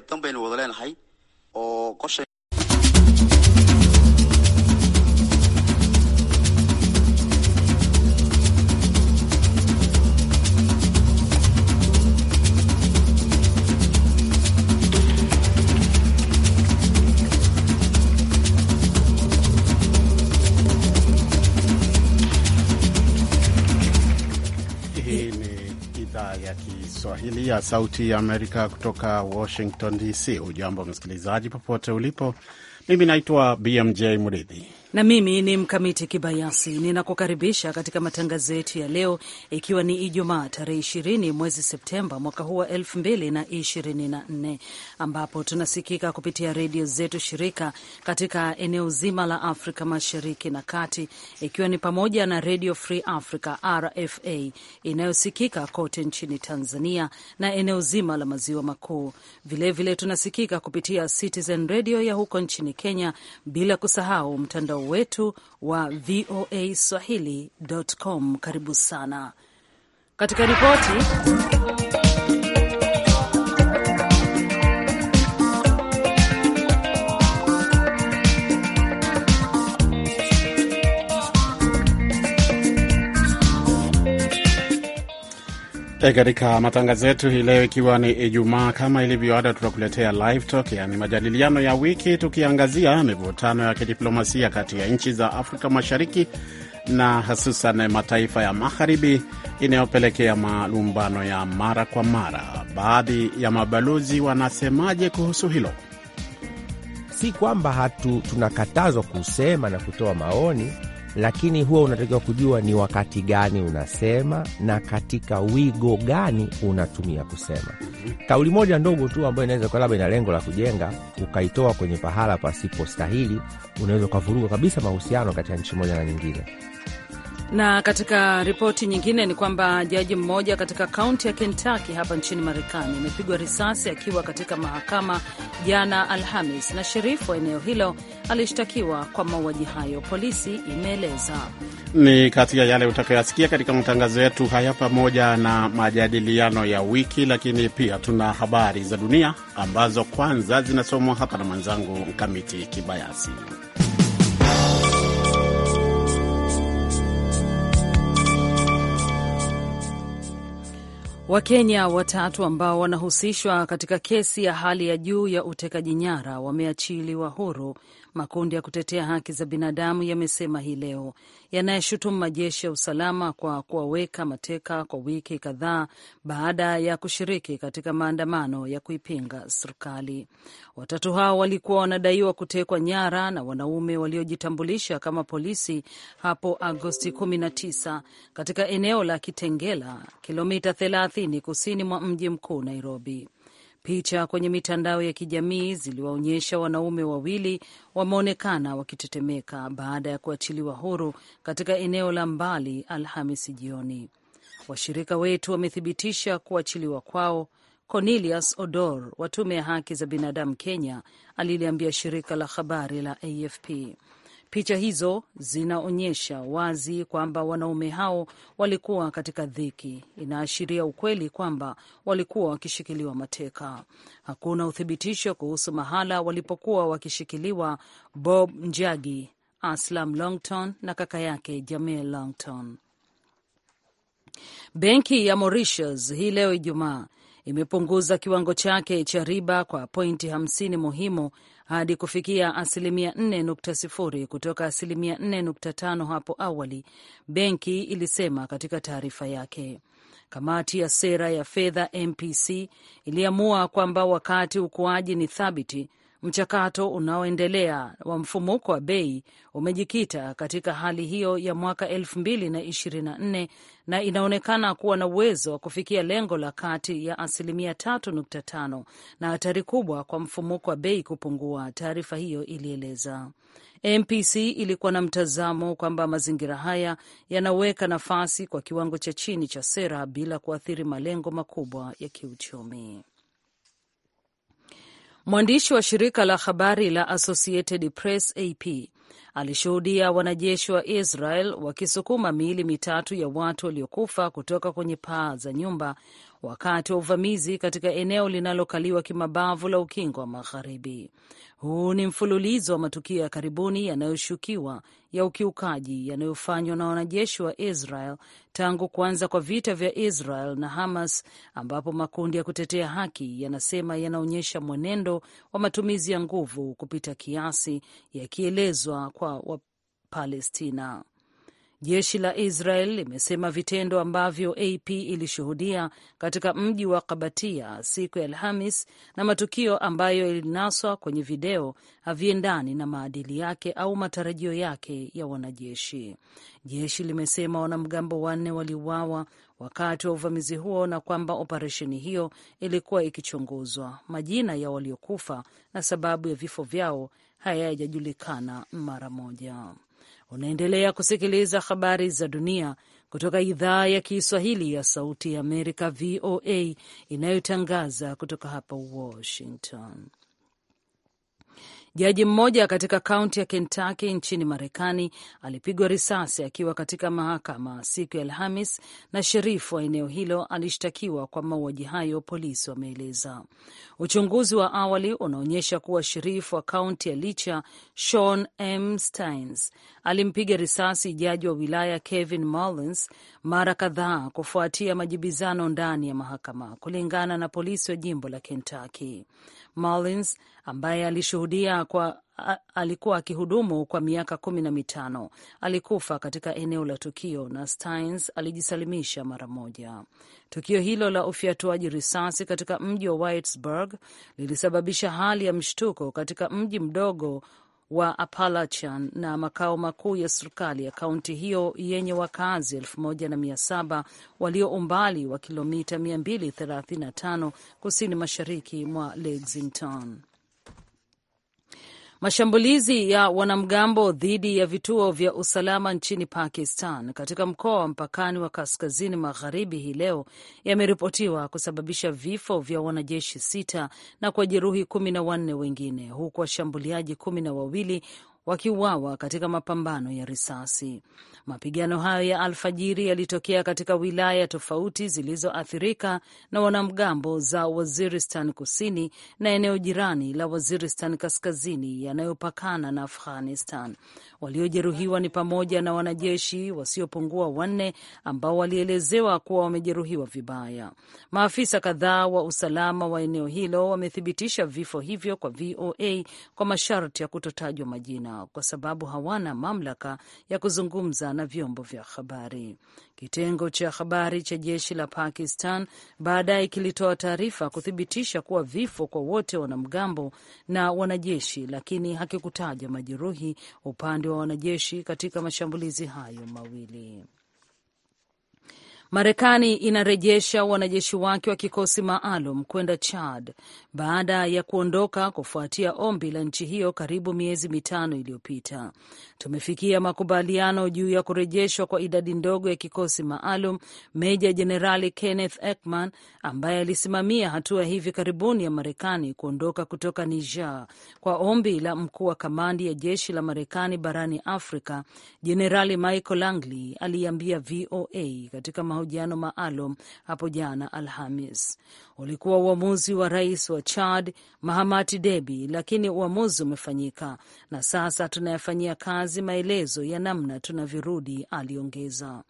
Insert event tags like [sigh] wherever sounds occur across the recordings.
dan baynu wada leenahay oo qorshay ya Sauti ya Amerika kutoka Washington DC. Hujambo msikilizaji, popote ulipo. Mimi naitwa BMJ Mridhi na mimi ni Mkamiti Kibayasi, ninakukaribisha katika matangazo yetu ya leo, ikiwa ni Ijumaa tarehe 20 mwezi Septemba mwaka huu wa nne ambapo tunasikika kupitia redio zetu shirika katika eneo zima la Afrika Mashariki na Kati, ikiwa ni pamoja na Redio Free Africa RFA inayosikika kote nchini Tanzania na eneo zima la maziwa makuu. Vilevile tunasikika kupitia Citizen Redio ya huko nchini Kenya, bila kusahau mtandao mtandao wetu wa VOA Swahili.com. Karibu sana katika ripoti E, katika matangazo yetu hii leo, ikiwa ni Ijumaa, kama ilivyo ada, tutakuletea live talk, yaani majadiliano ya wiki, tukiangazia mivutano ya kidiplomasia kati ya nchi za Afrika Mashariki na hususan mataifa ya magharibi inayopelekea malumbano ya mara kwa mara. Baadhi ya mabalozi wanasemaje kuhusu hilo? Si kwamba hatu tunakatazwa kusema na kutoa maoni lakini huwa unatakiwa kujua ni wakati gani unasema na katika wigo gani unatumia kusema. Kauli moja ndogo tu ambayo inaweza kuwa labda ina lengo la kujenga, ukaitoa kwenye pahala pasipo stahili unaweza ukavuruga kabisa mahusiano kati ya nchi moja na nyingine. Na katika ripoti nyingine ni kwamba jaji mmoja katika kaunti ya Kentucky hapa nchini Marekani amepigwa risasi akiwa katika mahakama jana Alhamis, na sherifu wa eneo hilo alishtakiwa kwa mauaji hayo, polisi imeeleza. Ni kati ya yale utakayoyasikia katika matangazo yetu haya pamoja na majadiliano ya wiki, lakini pia tuna habari za dunia ambazo kwanza zinasomwa hapa na mwenzangu Mkamiti Kibayasi. Wakenya watatu ambao wanahusishwa katika kesi ya hali ya juu ya utekaji nyara wameachiliwa huru makundi ya kutetea haki za binadamu yamesema hii leo, yanayeshutumu majeshi ya usalama kwa kuwaweka mateka kwa wiki kadhaa baada ya kushiriki katika maandamano ya kuipinga serikali. Watatu hao walikuwa wanadaiwa kutekwa nyara na wanaume waliojitambulisha kama polisi hapo Agosti 19 katika eneo la Kitengela, kilomita 30 kusini mwa mji mkuu Nairobi. Picha kwenye mitandao ya kijamii ziliwaonyesha wanaume wawili wameonekana wakitetemeka baada ya kuachiliwa huru katika eneo la mbali Alhamisi jioni. Washirika wetu wamethibitisha kuachiliwa kwao, Cornelius Odor wa tume ya haki za binadamu Kenya aliliambia shirika la habari la AFP. Picha hizo zinaonyesha wazi kwamba wanaume hao walikuwa katika dhiki. Inaashiria ukweli kwamba walikuwa wakishikiliwa mateka. Hakuna uthibitisho kuhusu mahala walipokuwa wakishikiliwa Bob Njagi, Aslam Longton na kaka yake Jamil Longton. Benki ya Mauritius hii leo Ijumaa imepunguza kiwango chake cha riba kwa pointi 50 muhimu hadi kufikia asilimia 4.0 kutoka asilimia 4.5 hapo awali, benki ilisema katika taarifa yake. Kamati ya sera ya fedha MPC iliamua kwamba wakati ukuaji ni thabiti Mchakato unaoendelea wa mfumuko wa bei umejikita katika hali hiyo ya mwaka 2024 na inaonekana kuwa na uwezo wa kufikia lengo la kati ya asilimia 3.5 na hatari kubwa kwa mfumuko wa bei kupungua, taarifa hiyo ilieleza. MPC ilikuwa na mtazamo kwamba mazingira haya yanaweka nafasi kwa kiwango cha chini cha sera bila kuathiri malengo makubwa ya kiuchumi. Mwandishi wa shirika la habari la Associated Press AP alishuhudia wanajeshi wa Israel wakisukuma miili mitatu ya watu waliokufa kutoka kwenye paa za nyumba wakati wa uvamizi katika eneo linalokaliwa kimabavu la Ukingo wa Magharibi. Huu ni mfululizo wa matukio ya karibuni yanayoshukiwa ya ukiukaji yanayofanywa na wanajeshi wa Israel tangu kuanza kwa vita vya Israel na Hamas, ambapo makundi ya kutetea haki yanasema yanaonyesha mwenendo wa matumizi ya nguvu kupita kiasi, yakielezwa kwa Wapalestina. Jeshi la Israel limesema vitendo ambavyo AP ilishuhudia katika mji wa Kabatia siku ya Alhamis na matukio ambayo yalinaswa kwenye video haviendani na maadili yake au matarajio yake ya wanajeshi. Jeshi limesema wanamgambo wanne waliuawa wakati wa uvamizi huo na kwamba operesheni hiyo ilikuwa ikichunguzwa. Majina ya waliokufa na sababu ya vifo vyao hayajajulikana mara moja. Unaendelea kusikiliza habari za dunia kutoka idhaa ya Kiswahili ya Sauti ya Amerika, VOA, inayotangaza kutoka hapa Washington. Jaji mmoja katika kaunti ya Kentucky nchini Marekani alipigwa risasi akiwa katika mahakama siku ya Alhamis, na sherifu wa eneo hilo alishtakiwa kwa mauaji hayo, polisi wameeleza. Uchunguzi wa awali unaonyesha kuwa sherifu wa kaunti ya Licha, Sean M. Steins, alimpiga risasi jaji wa wilaya Kevin Mullins mara kadhaa kufuatia majibizano ndani ya mahakama, kulingana na polisi wa jimbo la Kentucky. Mullins ambaye alishuhudia kwa alikuwa akihudumu kwa miaka kumi na mitano alikufa katika eneo la tukio na Steins alijisalimisha mara moja. Tukio hilo la ufyatuaji risasi katika mji wa Whitesburg lilisababisha hali ya mshtuko katika mji mdogo wa Appalachian na makao makuu ya serikali ya kaunti hiyo yenye wakazi 1700 walio umbali wa kilomita 235 kusini mashariki mwa Lexington. Mashambulizi ya wanamgambo dhidi ya vituo vya usalama nchini Pakistan katika mkoa wa mpakani wa kaskazini magharibi hii leo yameripotiwa kusababisha vifo vya wanajeshi sita na kujeruhi kumi na wanne wengine huku washambuliaji kumi na wawili wakiuawa katika mapambano ya risasi. Mapigano hayo ya alfajiri yalitokea katika wilaya tofauti zilizoathirika na wanamgambo za Waziristan kusini na eneo jirani la Waziristan kaskazini yanayopakana na Afghanistan. Waliojeruhiwa ni pamoja na wanajeshi wasiopungua wanne ambao walielezewa kuwa wamejeruhiwa vibaya. Maafisa kadhaa wa usalama wa eneo hilo wamethibitisha vifo hivyo kwa VOA kwa masharti ya kutotajwa majina. China kwa sababu hawana mamlaka ya kuzungumza na vyombo vya habari. Kitengo cha habari cha jeshi la Pakistan baadaye kilitoa taarifa kuthibitisha kuwa vifo kwa wote wanamgambo na wanajeshi, lakini hakikutaja majeruhi upande wa wanajeshi katika mashambulizi hayo mawili. Marekani inarejesha wanajeshi wake wa kikosi maalum kwenda Chad baada ya kuondoka kufuatia ombi la nchi hiyo karibu miezi mitano iliyopita. Tumefikia makubaliano juu ya kurejeshwa kwa idadi ndogo ya kikosi maalum, Meja Jenerali Kenneth Ekman ambaye alisimamia hatua hivi karibuni ya Marekani kuondoka kutoka Niger kwa ombi la mkuu wa kamandi ya jeshi la Marekani barani Afrika, Jenerali Michael Langley aliambia VOA katika mahojiano maalum hapo jana Alhamis. Ulikuwa uamuzi wa rais wa Chad Mahamati Debi, lakini uamuzi umefanyika na sasa tunayafanyia kazi maelezo ya namna tunavyorudi, aliongeza.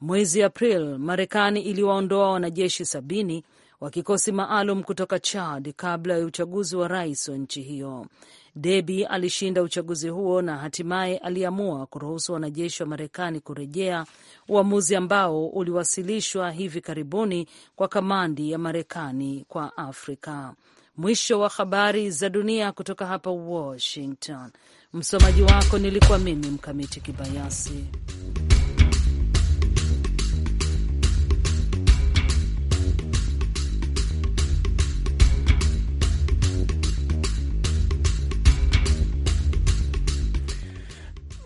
Mwezi April, Marekani iliwaondoa wanajeshi sabini wa kikosi maalum kutoka Chad kabla ya uchaguzi wa rais wa nchi hiyo debi alishinda uchaguzi huo na hatimaye aliamua kuruhusu wanajeshi wa Marekani kurejea, uamuzi ambao uliwasilishwa hivi karibuni kwa kamandi ya Marekani kwa Afrika. Mwisho wa habari za dunia kutoka hapa Washington. Msomaji wako nilikuwa mimi Mkamiti Kibayasi.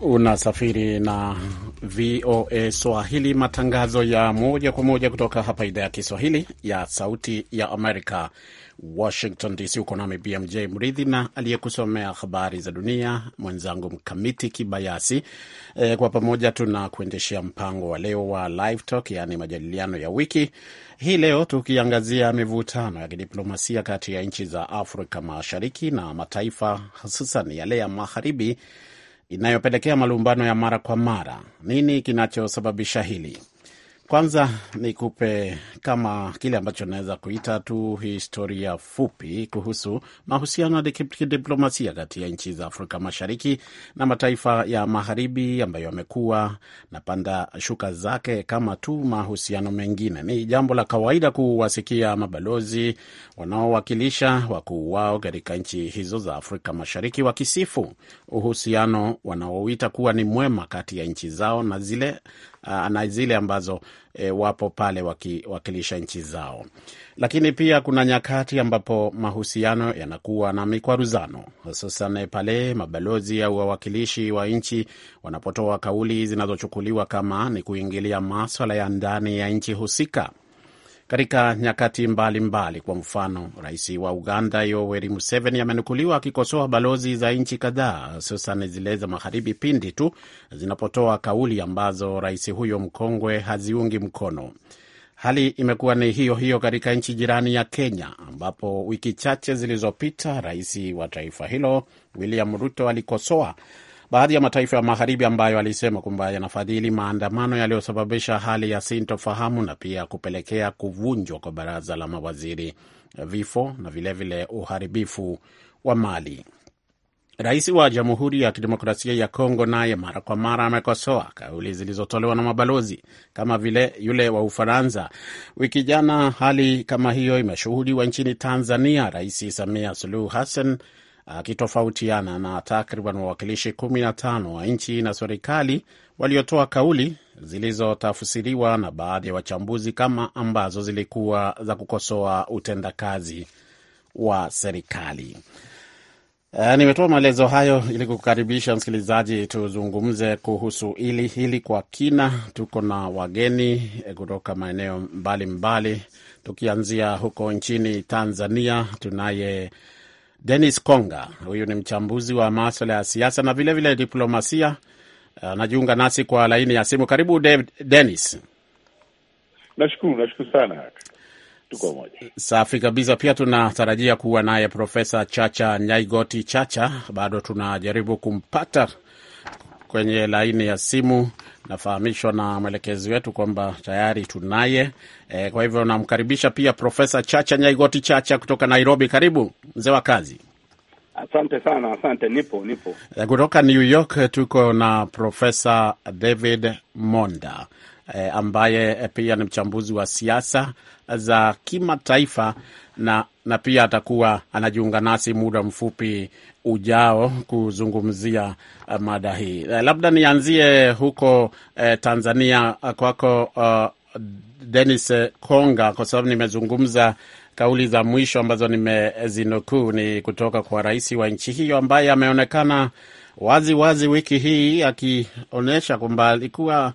Unasafiri na VOA Swahili, matangazo ya moja kwa moja kutoka hapa idhaa ya Kiswahili ya Sauti ya Amerika, Washington DC. Uko nami BMJ Mridhi na aliyekusomea habari za dunia mwenzangu Mkamiti Kibayasi. E, kwa pamoja tuna kuendeshea mpango wa leo wa Live Talk, yaani majadiliano ya wiki hii leo, tukiangazia mivutano ya kidiplomasia kati ya nchi za Afrika Mashariki na mataifa hususan yale ya magharibi inayopelekea malumbano ya mara kwa mara. Nini kinachosababisha hili? Kwanza nikupe kama kile ambacho naweza kuita tu historia fupi kuhusu mahusiano ya kidiplomasia kati ya nchi za Afrika Mashariki na mataifa ya Magharibi ambayo yamekuwa na panda shuka zake kama tu mahusiano mengine. Ni jambo la kawaida kuwasikia mabalozi wanaowakilisha wakuu wao katika nchi hizo za Afrika Mashariki wakisifu uhusiano wanaoita kuwa ni mwema kati ya nchi zao na zile Uh, na zile ambazo e, wapo pale wakiwakilisha nchi zao. Lakini pia kuna nyakati ambapo mahusiano yanakuwa na mikwaruzano, hususan pale mabalozi au wawakilishi wa nchi wanapotoa kauli zinazochukuliwa kama ni kuingilia maswala ya ndani ya nchi husika katika nyakati mbalimbali mbali. Kwa mfano, rais wa Uganda Yoweri Museveni amenukuliwa akikosoa balozi za nchi kadhaa, hususan zile za magharibi pindi tu zinapotoa kauli ambazo rais huyo mkongwe haziungi mkono. Hali imekuwa ni hiyo hiyo katika nchi jirani ya Kenya, ambapo wiki chache zilizopita rais wa taifa hilo William Ruto alikosoa baadhi ya mataifa ya magharibi ambayo alisema kwamba yanafadhili maandamano yaliyosababisha hali ya sintofahamu na pia kupelekea kuvunjwa kwa baraza la mawaziri, vifo na vilevile vile uharibifu wa mali. Rais wa Jamhuri ya Kidemokrasia ya Kongo naye mara kwa mara amekosoa kauli zilizotolewa na mabalozi kama vile yule wa Ufaransa. Wiki jana hali kama hiyo imeshuhudiwa nchini Tanzania. Rais Samia Suluhu Hassan akitofautiana na takriban wawakilishi 15 wa nchi na serikali waliotoa kauli zilizotafsiriwa na baadhi ya wachambuzi kama ambazo zilikuwa za kukosoa utendakazi wa serikali. E, nimetoa maelezo hayo ili kukaribisha msikilizaji, tuzungumze kuhusu hili hili kwa kina. Tuko na wageni eh, kutoka maeneo mbalimbali, tukianzia huko nchini Tanzania tunaye Dennis Konga, huyu ni mchambuzi wa maswala ya siasa na vilevile vile diplomasia, anajiunga uh, nasi kwa laini ya simu. Karibu denis Dennis. Nashukuru, nashukuru sana. Safi kabisa. Pia tunatarajia kuwa naye Profesa Chacha Nyaigoti Chacha, bado tunajaribu kumpata kwenye laini ya simu. Nafahamishwa na mwelekezi wetu kwamba tayari tunaye e, kwa hivyo namkaribisha pia Profesa Chacha Nyaigoti Chacha kutoka Nairobi. Karibu mzee wa kazi. Asante sana, asante. Nipo, nipo eh, kutoka New York. Tuko na Profesa David Monda eh, ambaye e, pia ni mchambuzi wa siasa za kimataifa na, na pia atakuwa anajiunga nasi muda mfupi ujao kuzungumzia e, mada hii. E, labda nianzie huko eh, Tanzania kwako uh, Dennis Konga, kwa sababu nimezungumza kauli za mwisho ambazo nimezinukuu ni kutoka kwa rais wa nchi hiyo ambaye ameonekana wazi wazi wiki hii akionyesha kwamba alikuwa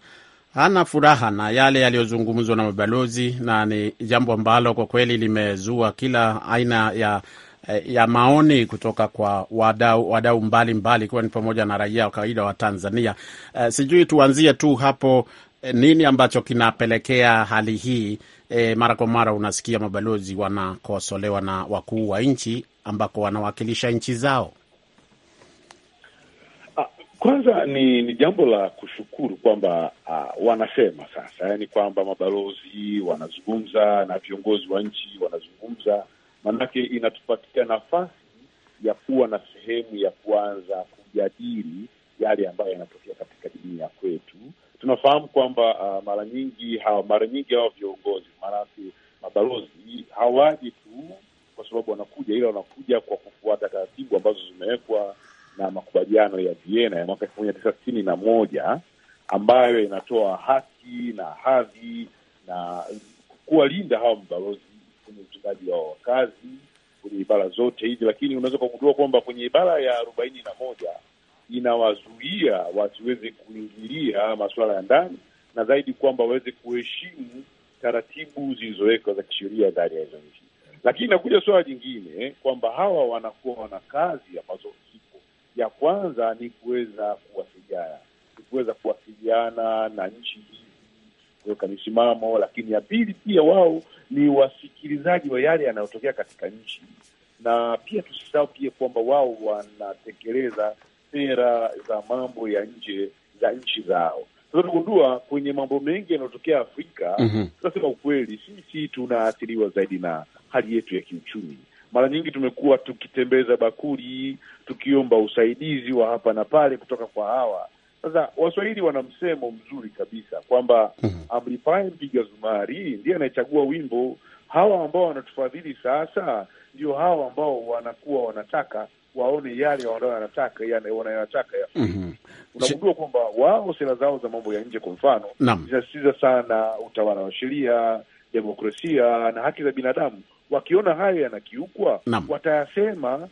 hana furaha na yale yaliyozungumzwa na mabalozi, na ni jambo ambalo kwa kweli limezua kila aina ya eh, ya maoni kutoka kwa wadau wadau mbalimbali, ikiwa ni pamoja na raia wa kawaida wa Tanzania. Uh, sijui tuanzie tu hapo, eh, nini ambacho kinapelekea hali hii? E, mara kwa mara unasikia mabalozi wanakosolewa na wakuu wa nchi ambako wanawakilisha nchi zao. Kwanza ni ni jambo la kushukuru kwamba uh, wanasema sasa, yaani kwamba mabalozi wanazungumza na viongozi wa nchi wanazungumza, maanake inatupatia nafasi ya kuwa na sehemu ya kuanza kujadili yale ambayo yanatokea katika dini ya kwetu. Tunafahamu kwamba uh, mara nyingi hawa mara nyingi hawa viongozi maanake mabalozi hawaji tu kwa sababu wanakuja, ila wanakuja kwa kufuata taratibu ambazo zimewekwa na makubaliano ya Vienna ya mwaka elfu moja tisa sitini na moja ambayo inatoa haki na hadhi na kuwalinda hawa mabalozi kwenye utendaji wa wakazi kwenye ibara zote hizi, lakini unaweza kugundua kwamba kwenye ibara ya arobaini na moja inawazuia wasiweze kuingilia masuala ya ndani na zaidi kwamba waweze kuheshimu taratibu zilizowekwa za kisheria ndani ya hizo nchi. Lakini inakuja suala jingine kwamba hawa wanakuwa wana kazi ambazo ya kwanza ni kuweza kuwasiliana, ni kuweza kuwasiliana na nchi kuweka misimamo, lakini ya pili pia wao ni wasikilizaji wa yale yanayotokea katika nchi, na pia tusisahau pia kwamba wao wanatekeleza sera za mambo ya nje za nchi zao. Sasa tunagundua kwenye mambo mengi yanayotokea Afrika, mhm. tunasema mm -hmm. Ukweli sisi tunaathiriwa zaidi na hali yetu ya kiuchumi mara nyingi tumekuwa tukitembeza bakuli tukiomba usaidizi wa hapa na pale kutoka kwa hawa. Sasa Waswahili wana msemo mzuri kabisa kwamba mhm. amlipaye mpiga zumari ndiye anayechagua wimbo. Hawa ambao wanatufadhili sasa ndio hawa ambao wanakuwa wanataka waone yale wanayotaka wanayotaka ya mm -hmm. Unagundua kwamba wao sera zao za mambo ya nje kwa mfano zinasisitiza sana utawala wa sheria, demokrasia na haki za binadamu wakiona hayo yanakiukwa watayasema.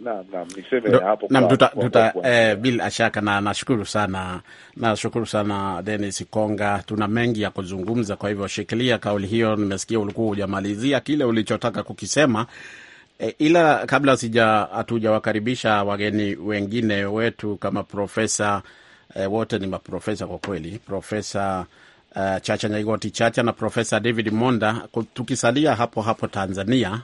Naam, tuta, eh, bila shaka na nashukuru sana, nashukuru sana Dennis Konga, tuna mengi ya kuzungumza, kwa hivyo shikilia kauli hiyo. Nimesikia ulikuwa hujamalizia kile ulichotaka kukisema. E, ila kabla sija hatujawakaribisha wageni wengine wetu kama profesa e, wote ni maprofesa kwa kweli, Profesa uh, Chacha Nyaigoti Chacha na Profesa David Monda. Tukisalia hapo hapo Tanzania,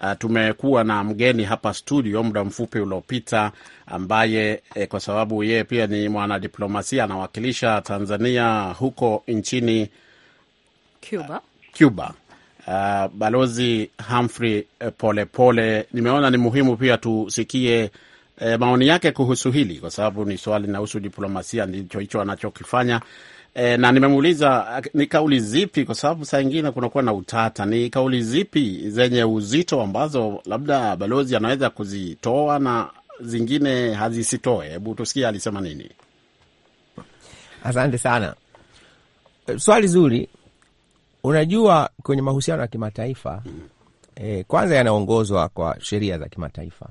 uh, tumekuwa na mgeni hapa studio muda mfupi uliopita ambaye eh, kwa sababu yeye pia ni mwanadiplomasia anawakilisha Tanzania huko nchini Cuba, uh, Cuba. Uh, Balozi Humphrey Polepole, eh, nimeona ni muhimu pia tusikie eh, maoni yake kuhusu hili, kwa sababu ni swali linahusu diplomasia, ndicho hicho anachokifanya e, na nimemuuliza ni kauli zipi, kwa sababu saa ingine kunakuwa na utata, ni kauli zipi zenye uzito ambazo labda balozi anaweza kuzitoa na zingine hazisitoe. Hebu tusikie alisema nini. Asante sana, eh, swali zuri. Unajua, kwenye mahusiano ya kimataifa mm. E, kwanza yanaongozwa kwa sheria za kimataifa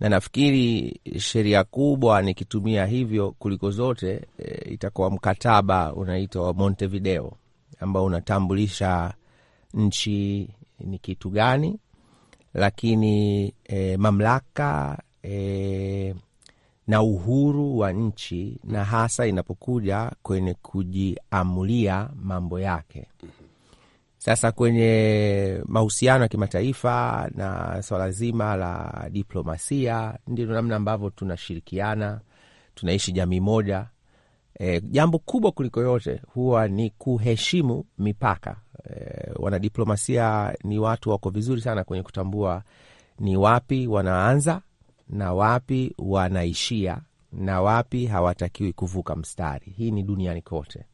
na nafikiri sheria kubwa nikitumia hivyo kuliko zote e, itakuwa mkataba unaitwa wa Montevideo ambao unatambulisha nchi ni kitu gani, lakini e, mamlaka e, na uhuru wa nchi na hasa inapokuja kwenye kujiamulia mambo yake. Mm-hmm. Sasa kwenye mahusiano ya kimataifa na swala zima la diplomasia, ndio namna ambavyo tunashirikiana, tunaishi jamii moja. E, jambo kubwa kuliko yote huwa ni kuheshimu mipaka. E, wanadiplomasia ni watu wako vizuri sana kwenye kutambua ni wapi wanaanza na wapi wanaishia na wapi hawatakiwi kuvuka mstari. Hii ni duniani kote.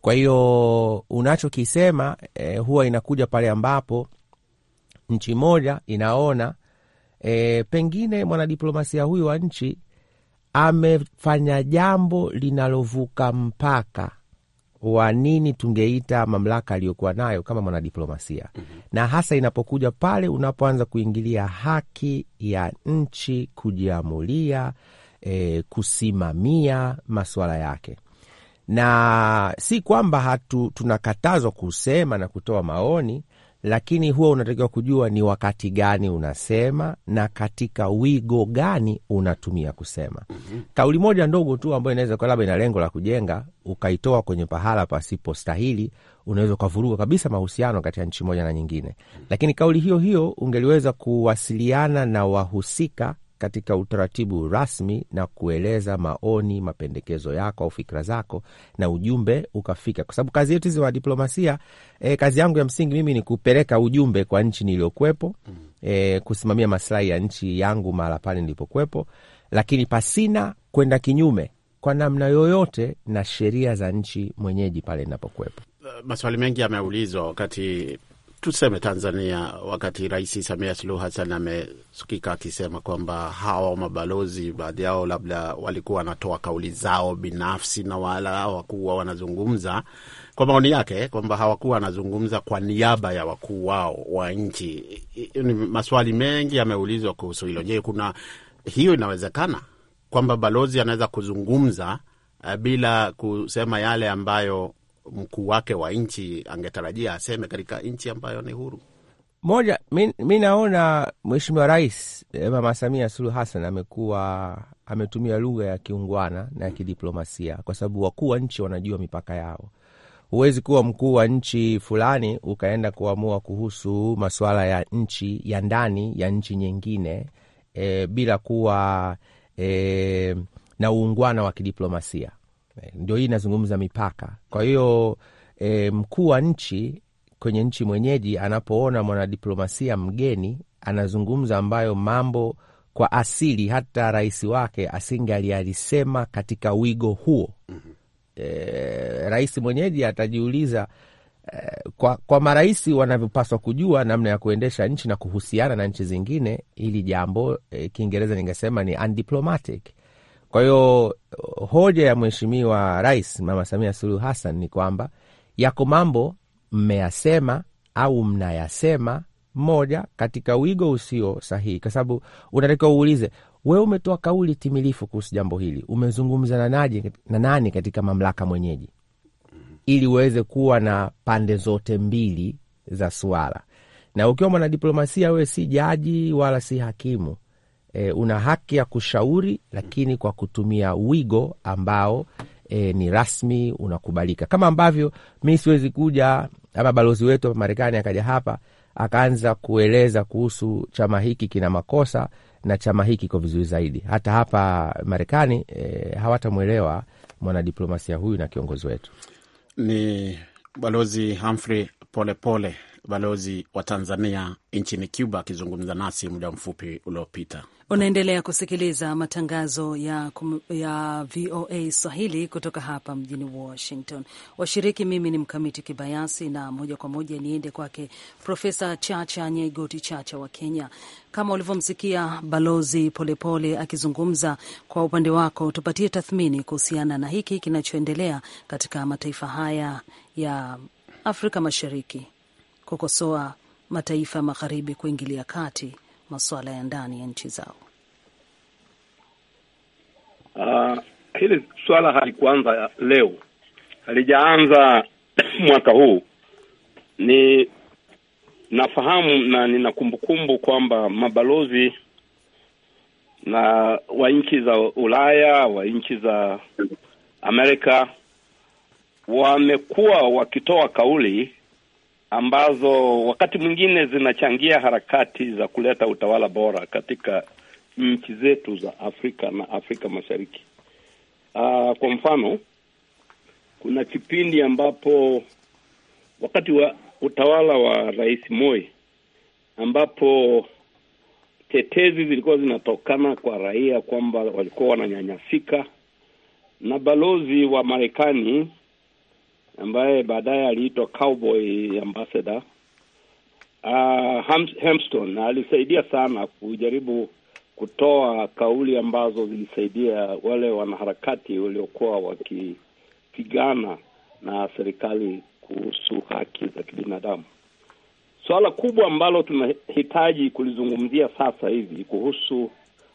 Kwa hiyo unachokisema e, huwa inakuja pale ambapo nchi moja inaona e, pengine mwanadiplomasia huyu wa nchi amefanya jambo linalovuka mpaka wa nini tungeita mamlaka aliyokuwa nayo kama mwanadiplomasia mm -hmm. Na hasa inapokuja pale unapoanza kuingilia haki ya nchi kujiamulia, e, kusimamia masuala yake na si kwamba hatu tunakatazwa kusema na kutoa maoni, lakini huwa unatakiwa kujua ni wakati gani unasema na katika wigo gani unatumia kusema. Mm-hmm. Kauli moja ndogo tu ambayo inaweza kuwa labda ina lengo la kujenga, ukaitoa kwenye pahala pasipo stahili, unaweza ukavuruga kabisa mahusiano kati ya nchi moja na nyingine. Mhm. Lakini kauli hiyo hiyo ungeliweza kuwasiliana na wahusika katika utaratibu rasmi na kueleza maoni, mapendekezo yako au fikra zako, na ujumbe ukafika, kwa sababu kazi yetu hizi wa diplomasia e, kazi yangu ya msingi mimi ni kupeleka ujumbe kwa nchi niliyokuwepo, e, kusimamia maslahi ya nchi yangu mahala pale nilipokuwepo, lakini pasina kwenda kinyume kwa namna yoyote na sheria za nchi mwenyeji pale inapokuwepo. Uh, maswali mengi yameulizwa wakati tuseme Tanzania, wakati Rais Samia Suluhu Hassan amesikika akisema kwamba hawa mabalozi baadhi yao labda walikuwa wanatoa kauli zao binafsi na wala hawakuwa wanazungumza, kwa maoni yake, kwamba hawakuwa wanazungumza kwa niaba ya wakuu wao wa nchi. ni Maswali mengi yameulizwa kuhusu hilo. Je, kuna hiyo inawezekana kwamba balozi anaweza kuzungumza eh, bila kusema yale ambayo mkuu wake wa nchi angetarajia aseme katika nchi ambayo ni huru. Moja, mi, naona Mheshimiwa Rais eh, Mama Samia Suluhu Hassan amekuwa ametumia lugha ya kiungwana na ya kidiplomasia, kwa sababu wakuu wa nchi wanajua mipaka yao. Huwezi kuwa mkuu wa nchi fulani ukaenda kuamua kuhusu masuala ya nchi ya ndani ya nchi nyingine e, bila kuwa e, na uungwana wa kidiplomasia. Eh, ndio hii inazungumza mipaka. Kwa hiyo e, mkuu wa nchi kwenye nchi mwenyeji anapoona mwanadiplomasia mgeni anazungumza ambayo mambo kwa asili hata rais wake asingali alisema katika wigo huo. Mm-hmm. E, rais mwenyeji atajiuliza e, kwa, kwa marais wanavyopaswa kujua namna ya kuendesha nchi na kuhusiana na nchi zingine. Hili jambo e, Kiingereza ningesema ni undiplomatic kwa hiyo hoja ya Mheshimiwa Rais Mama Samia Suluhu Hassan ni kwamba yako mambo mmeyasema au mnayasema moja katika wigo usio sahihi, kwa sababu unatakiwa uulize wewe umetoa kauli timilifu kuhusu jambo hili, umezungumza na nani katika mamlaka mwenyeji, ili uweze kuwa na pande zote mbili za suala. Na ukiwa mwanadiplomasia, wewe si jaji wala si hakimu e, una haki ya kushauri, lakini kwa kutumia wigo ambao e, ni rasmi unakubalika, kama ambavyo mi siwezi kuja ama balozi wetu hapa Marekani akaja hapa akaanza kueleza kuhusu chama hiki kina makosa na chama hiki iko vizuri zaidi. Hata hapa Marekani e, hawatamwelewa mwanadiplomasia huyu na kiongozi wetu. Ni Balozi Humphrey Polepole, balozi wa Tanzania nchini Cuba, akizungumza nasi muda mfupi uliopita. Unaendelea kusikiliza matangazo ya, kum, ya VOA Swahili kutoka hapa mjini Washington. Washiriki mimi ni Mkamiti Kibayasi, na moja kwa moja niende kwake Profesa Chacha nyeigoti Chacha wa Kenya. Kama ulivyomsikia Balozi Polepole akizungumza, kwa upande wako tupatie tathmini kuhusiana na hiki kinachoendelea katika mataifa haya ya Afrika Mashariki, kukosoa mataifa magharibi kuingilia kati masuala ya ndani ya nchi zao? Uh, hili swala halikuanza leo, halijaanza [clears throat] mwaka huu. Ni nafahamu na nina kumbukumbu kwamba mabalozi na wa nchi za Ulaya wa nchi za Amerika wamekuwa wakitoa kauli ambazo wakati mwingine zinachangia harakati za kuleta utawala bora katika nchi zetu za Afrika na Afrika Mashariki. Aa, ah, kwa mfano kuna kipindi ambapo wakati wa utawala wa Rais Moi ambapo tetezi zilikuwa zinatokana kwa raia kwamba walikuwa wananyanyasika, na balozi wa Marekani ambaye baadaye aliitwa cowboy ambassador. Uh, Ham, alisaidia sana kujaribu kutoa kauli ambazo zilisaidia wale wanaharakati waliokuwa wakipigana na serikali kuhusu haki za kibinadamu. Suala kubwa ambalo tunahitaji kulizungumzia sasa hivi kuhusu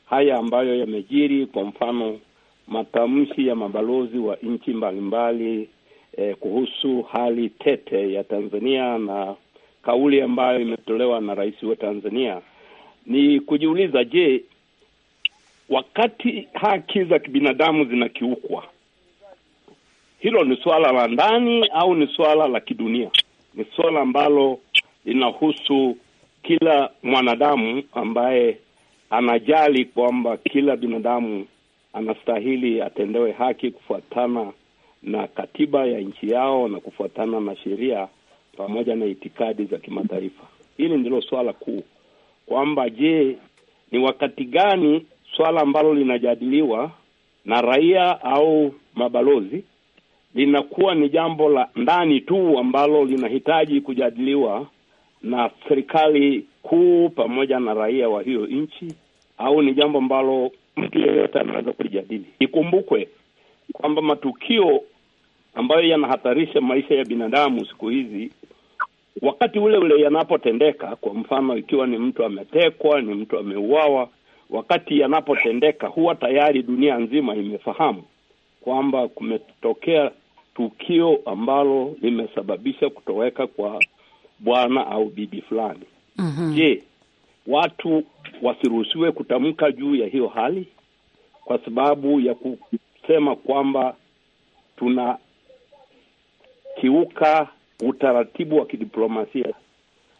haya ambayo yamejiri, kwa mfano matamshi ya mabalozi wa nchi mbalimbali eh, kuhusu hali tete ya Tanzania na kauli ambayo imetolewa na rais wa Tanzania ni kujiuliza, je, wakati haki za kibinadamu zinakiukwa, hilo ni suala la ndani au ni suala la kidunia? Ni suala ambalo linahusu kila mwanadamu ambaye anajali kwamba kila binadamu anastahili atendewe haki kufuatana na katiba ya nchi yao na kufuatana na sheria pamoja na itikadi za kimataifa. Hili ndilo swala kuu, kwamba je, ni wakati gani swala ambalo linajadiliwa na raia au mabalozi linakuwa ni jambo la ndani tu ambalo linahitaji kujadiliwa na serikali kuu pamoja na raia wa hiyo nchi, au ni jambo ambalo mtu yeyote anaweza kulijadili. Ikumbukwe kwamba matukio ambayo yanahatarisha maisha ya binadamu siku hizi, wakati ule ule yanapotendeka, kwa mfano, ikiwa ni mtu ametekwa, ni mtu ameuawa, wakati yanapotendeka, huwa tayari dunia nzima imefahamu kwamba kumetokea tukio ambalo limesababisha kutoweka kwa bwana au bibi fulani. Mm-hmm. Je, watu wasiruhusiwe kutamka juu ya hiyo hali kwa sababu ya kusema kwamba tuna kiuka utaratibu wa kidiplomasia.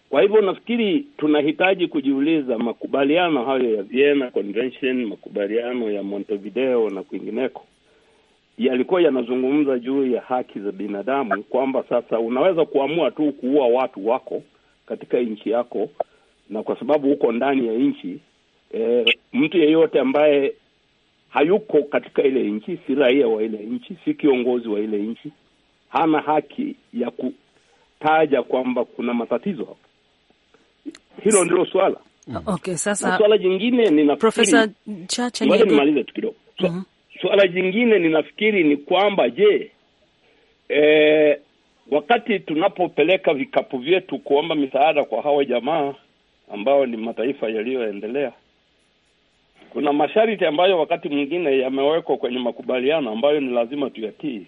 Kwa hivyo nafikiri tunahitaji kujiuliza, makubaliano hayo ya Vienna Convention, makubaliano ya Montevideo na kwingineko yalikuwa yanazungumza juu ya haki za binadamu, kwamba sasa unaweza kuamua tu kuua watu wako katika nchi yako, na kwa sababu uko ndani ya nchi e, mtu yeyote ambaye hayuko katika ile nchi, si raia wa ile nchi, si kiongozi wa ile nchi hana haki ya kutaja kwamba kuna matatizo. Hilo ndilo swala. Okay, sasa swala jingine ninafikiri, nimalize tu kidogo. Mhm. Swala jingine ninafikiri ni kwamba je, eh, wakati tunapopeleka vikapu vyetu kuomba misaada kwa hawa jamaa ambao ni mataifa yaliyoendelea, kuna masharti ambayo wakati mwingine yamewekwa kwenye makubaliano ambayo ni lazima tuyatii.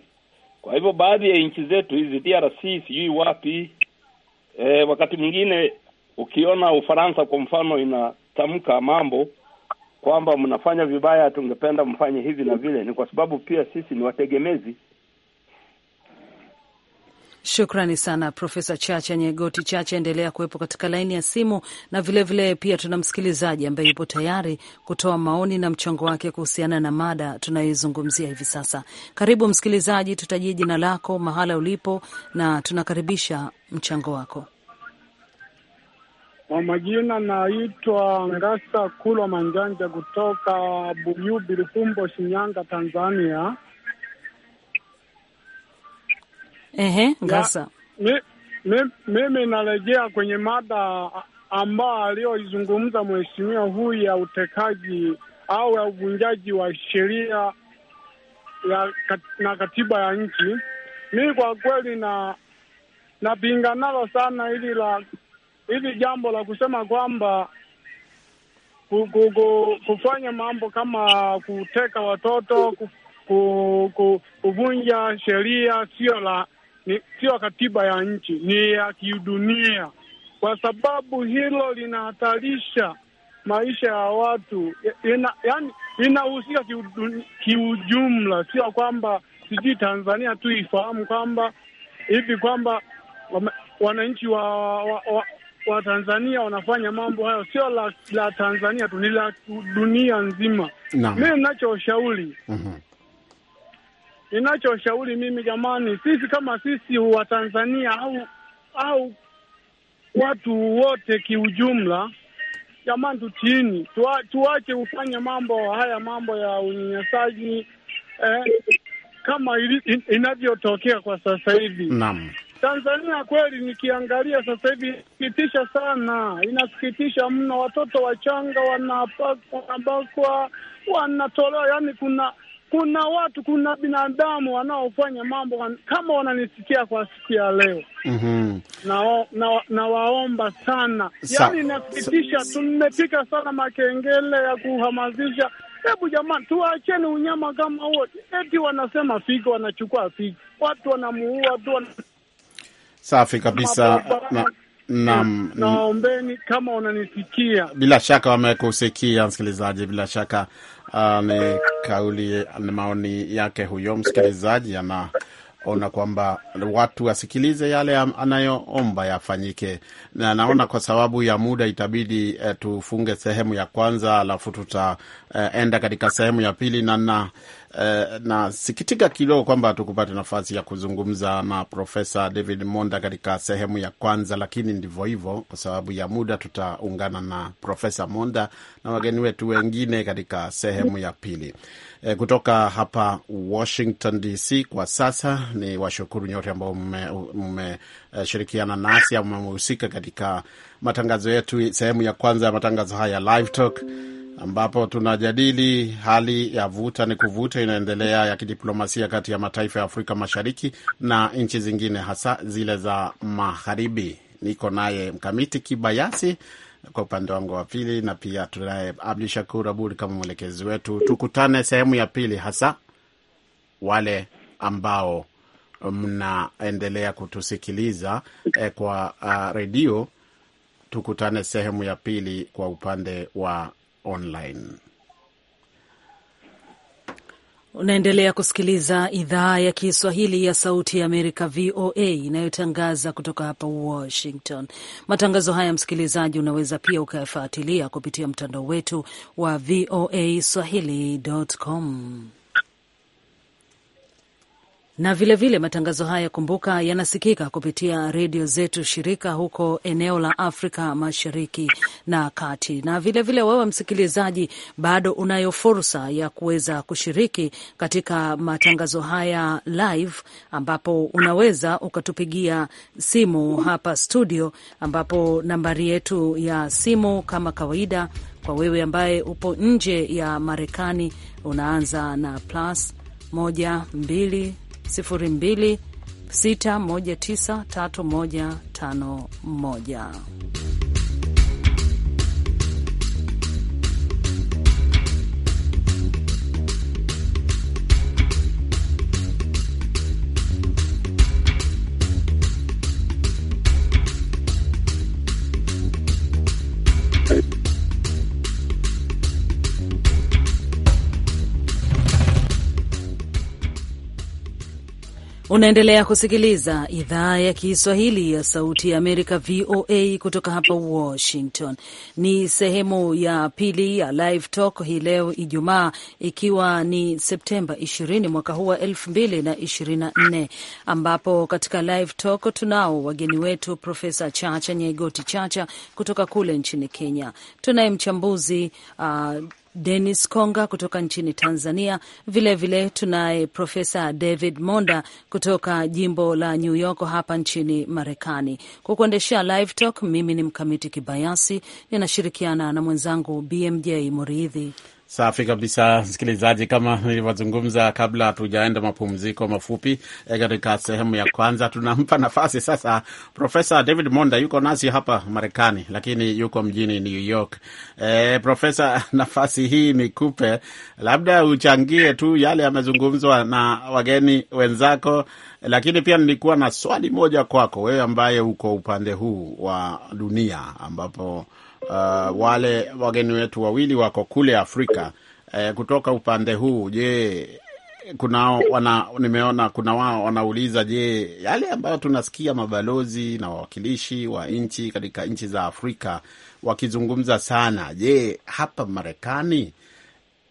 Kwa hivyo baadhi ya nchi zetu hizi DRC, sijui wapi e, wakati mwingine ukiona Ufaransa kwa mfano inatamka mambo kwamba mnafanya vibaya, tungependa mfanye hivi na vile, ni kwa sababu pia sisi ni wategemezi Shukrani sana Profesa Chacha Nyegoti Chacha, endelea kuwepo katika laini ya simu na vilevile vile, pia tuna msikilizaji ambaye yupo tayari kutoa maoni na mchango wake kuhusiana na mada tunayoizungumzia hivi sasa. Karibu msikilizaji, tutajie jina lako, mahala ulipo, na tunakaribisha mchango wako. Kwa majina naitwa Ngasa Kulwa Manjanja kutoka Buyubi, Lukumbo, Shinyanga, Tanzania. Ehe, Ngasa. Mimi narejea kwenye mada ambayo aliyoizungumza mheshimiwa huyu ya utekaji au ya uvunjaji wa sheria kat, na katiba ya nchi. Mimi kwa kweli na napinga nalo sana hili la hili jambo la kusema kwamba kufanya mambo kama kuteka watoto, kuvunja sheria sio la ni sio katiba ya nchi, ni ya kidunia, kwa sababu hilo linahatarisha maisha ya watu, ina, yani inahusika kiujumla, sio kwamba sijui Tanzania tu ifahamu kwamba hivi kwamba wananchi wa, wa, wa, wa Tanzania wanafanya mambo hayo, sio la, la Tanzania tu, ni la dunia nzima. Mimi ninachoshauri mm -hmm ninachoshauri mimi jamani, sisi kama sisi wa Tanzania au au watu wote kiujumla, jamani, tuwa, tuache ufanye mambo haya, mambo ya unyanyasaji eh, kama in, inavyotokea kwa sasa hivi. Naam. Tanzania kweli, nikiangalia sasa hivi inasikitisha sana, inasikitisha mno. Watoto wachanga wanabakwa, wanatolewa, yani kuna kuna watu, kuna binadamu wanaofanya mambo kama wananisikia kwa siku ya leo mm -hmm. Nawaomba na, na sana Sa yani nasikitisha Sa tumepika sana makengele ya kuhamasisha. Hebu jamani, tuwacheni unyama kama huo. Eti wanasema figo, wanachukua figo, watu wanamuua tu. Safi kabisa Naam, naombeni kama unanisikia. Bila shaka wamekusikia msikilizaji, bila shaka uh, ni kauli, ni maoni yake huyo msikilizaji ana ona kwamba watu wasikilize yale anayoomba yafanyike, na naona kwa sababu ya muda itabidi eh, tufunge sehemu ya kwanza, alafu tutaenda eh, katika sehemu ya pili na na eh, nasikitika kidogo kwamba tukupate nafasi ya kuzungumza na Profesa David Monda katika sehemu ya kwanza, lakini ndivyo hivyo, kwa sababu ya muda tutaungana na Profesa Monda na wageni wetu wengine katika sehemu ya pili. E, kutoka hapa Washington DC kwa sasa ni washukuru nyote ambao mmeshirikiana nasi au mmehusika katika matangazo yetu, sehemu ya kwanza ya matangazo haya Live Talk ambapo tunajadili hali ya vuta ni kuvuta inaendelea ya kidiplomasia kati ya mataifa ya Afrika Mashariki na nchi zingine hasa zile za magharibi. Niko naye Mkamiti Kibayasi kwa upande wangu wa pili, na pia tunaye Abdu Shakur Abud kama mwelekezi wetu. Tukutane sehemu ya pili, hasa wale ambao mnaendelea kutusikiliza eh, kwa uh, redio. Tukutane sehemu ya pili kwa upande wa online. Unaendelea kusikiliza idhaa ya Kiswahili ya Sauti ya Amerika, VOA, inayotangaza kutoka hapa Washington. Matangazo haya, msikilizaji, unaweza pia ukayafuatilia kupitia mtandao wetu wa voa swahili.com na vilevile vile matangazo haya kumbuka, yanasikika kupitia redio zetu shirika huko eneo la Afrika Mashariki na Kati, na vilevile vile wewe msikilizaji, bado unayo fursa ya kuweza kushiriki katika matangazo haya live, ambapo unaweza ukatupigia simu hapa studio, ambapo nambari yetu ya simu kama kawaida kwa wewe ambaye upo nje ya Marekani unaanza na plus moja mbili 02 6193151. Unaendelea kusikiliza idhaa ya Kiswahili ya Sauti ya Amerika, VOA, kutoka hapa Washington. Ni sehemu ya pili ya Live Talk hii leo Ijumaa, ikiwa ni Septemba 20 mwaka huu wa 2024, ambapo katika Live Talk tunao wageni wetu Profesa Chacha Nyaigoti Chacha kutoka kule nchini Kenya. Tunaye mchambuzi uh, Dennis Konga kutoka nchini Tanzania. Vilevile tunaye Profesa David Monda kutoka jimbo la New York hapa nchini Marekani. Kwa kuendeshea Live Talk, mimi ni Mkamiti Kibayasi, ninashirikiana na mwenzangu BMJ Muridhi. Safi kabisa, msikilizaji, kama nilivyozungumza kabla hatujaenda mapumziko mafupi eh, katika sehemu ya kwanza, tunampa nafasi sasa Profesa David Monda. Yuko nasi hapa Marekani, lakini yuko mjini New York. E, eh, Profesa, [laughs] nafasi hii nikupe, labda uchangie tu yale yamezungumzwa na wageni wenzako, lakini pia nilikuwa na swali moja kwako wewe ambaye uko upande huu wa dunia ambapo uh, wale wageni wetu wawili wako kule Afrika uh, kutoka upande huu. Je, kuna wana, nimeona kuna wao wanauliza, je, yale ambayo tunasikia mabalozi na wawakilishi wa nchi katika nchi za Afrika wakizungumza sana, je, hapa Marekani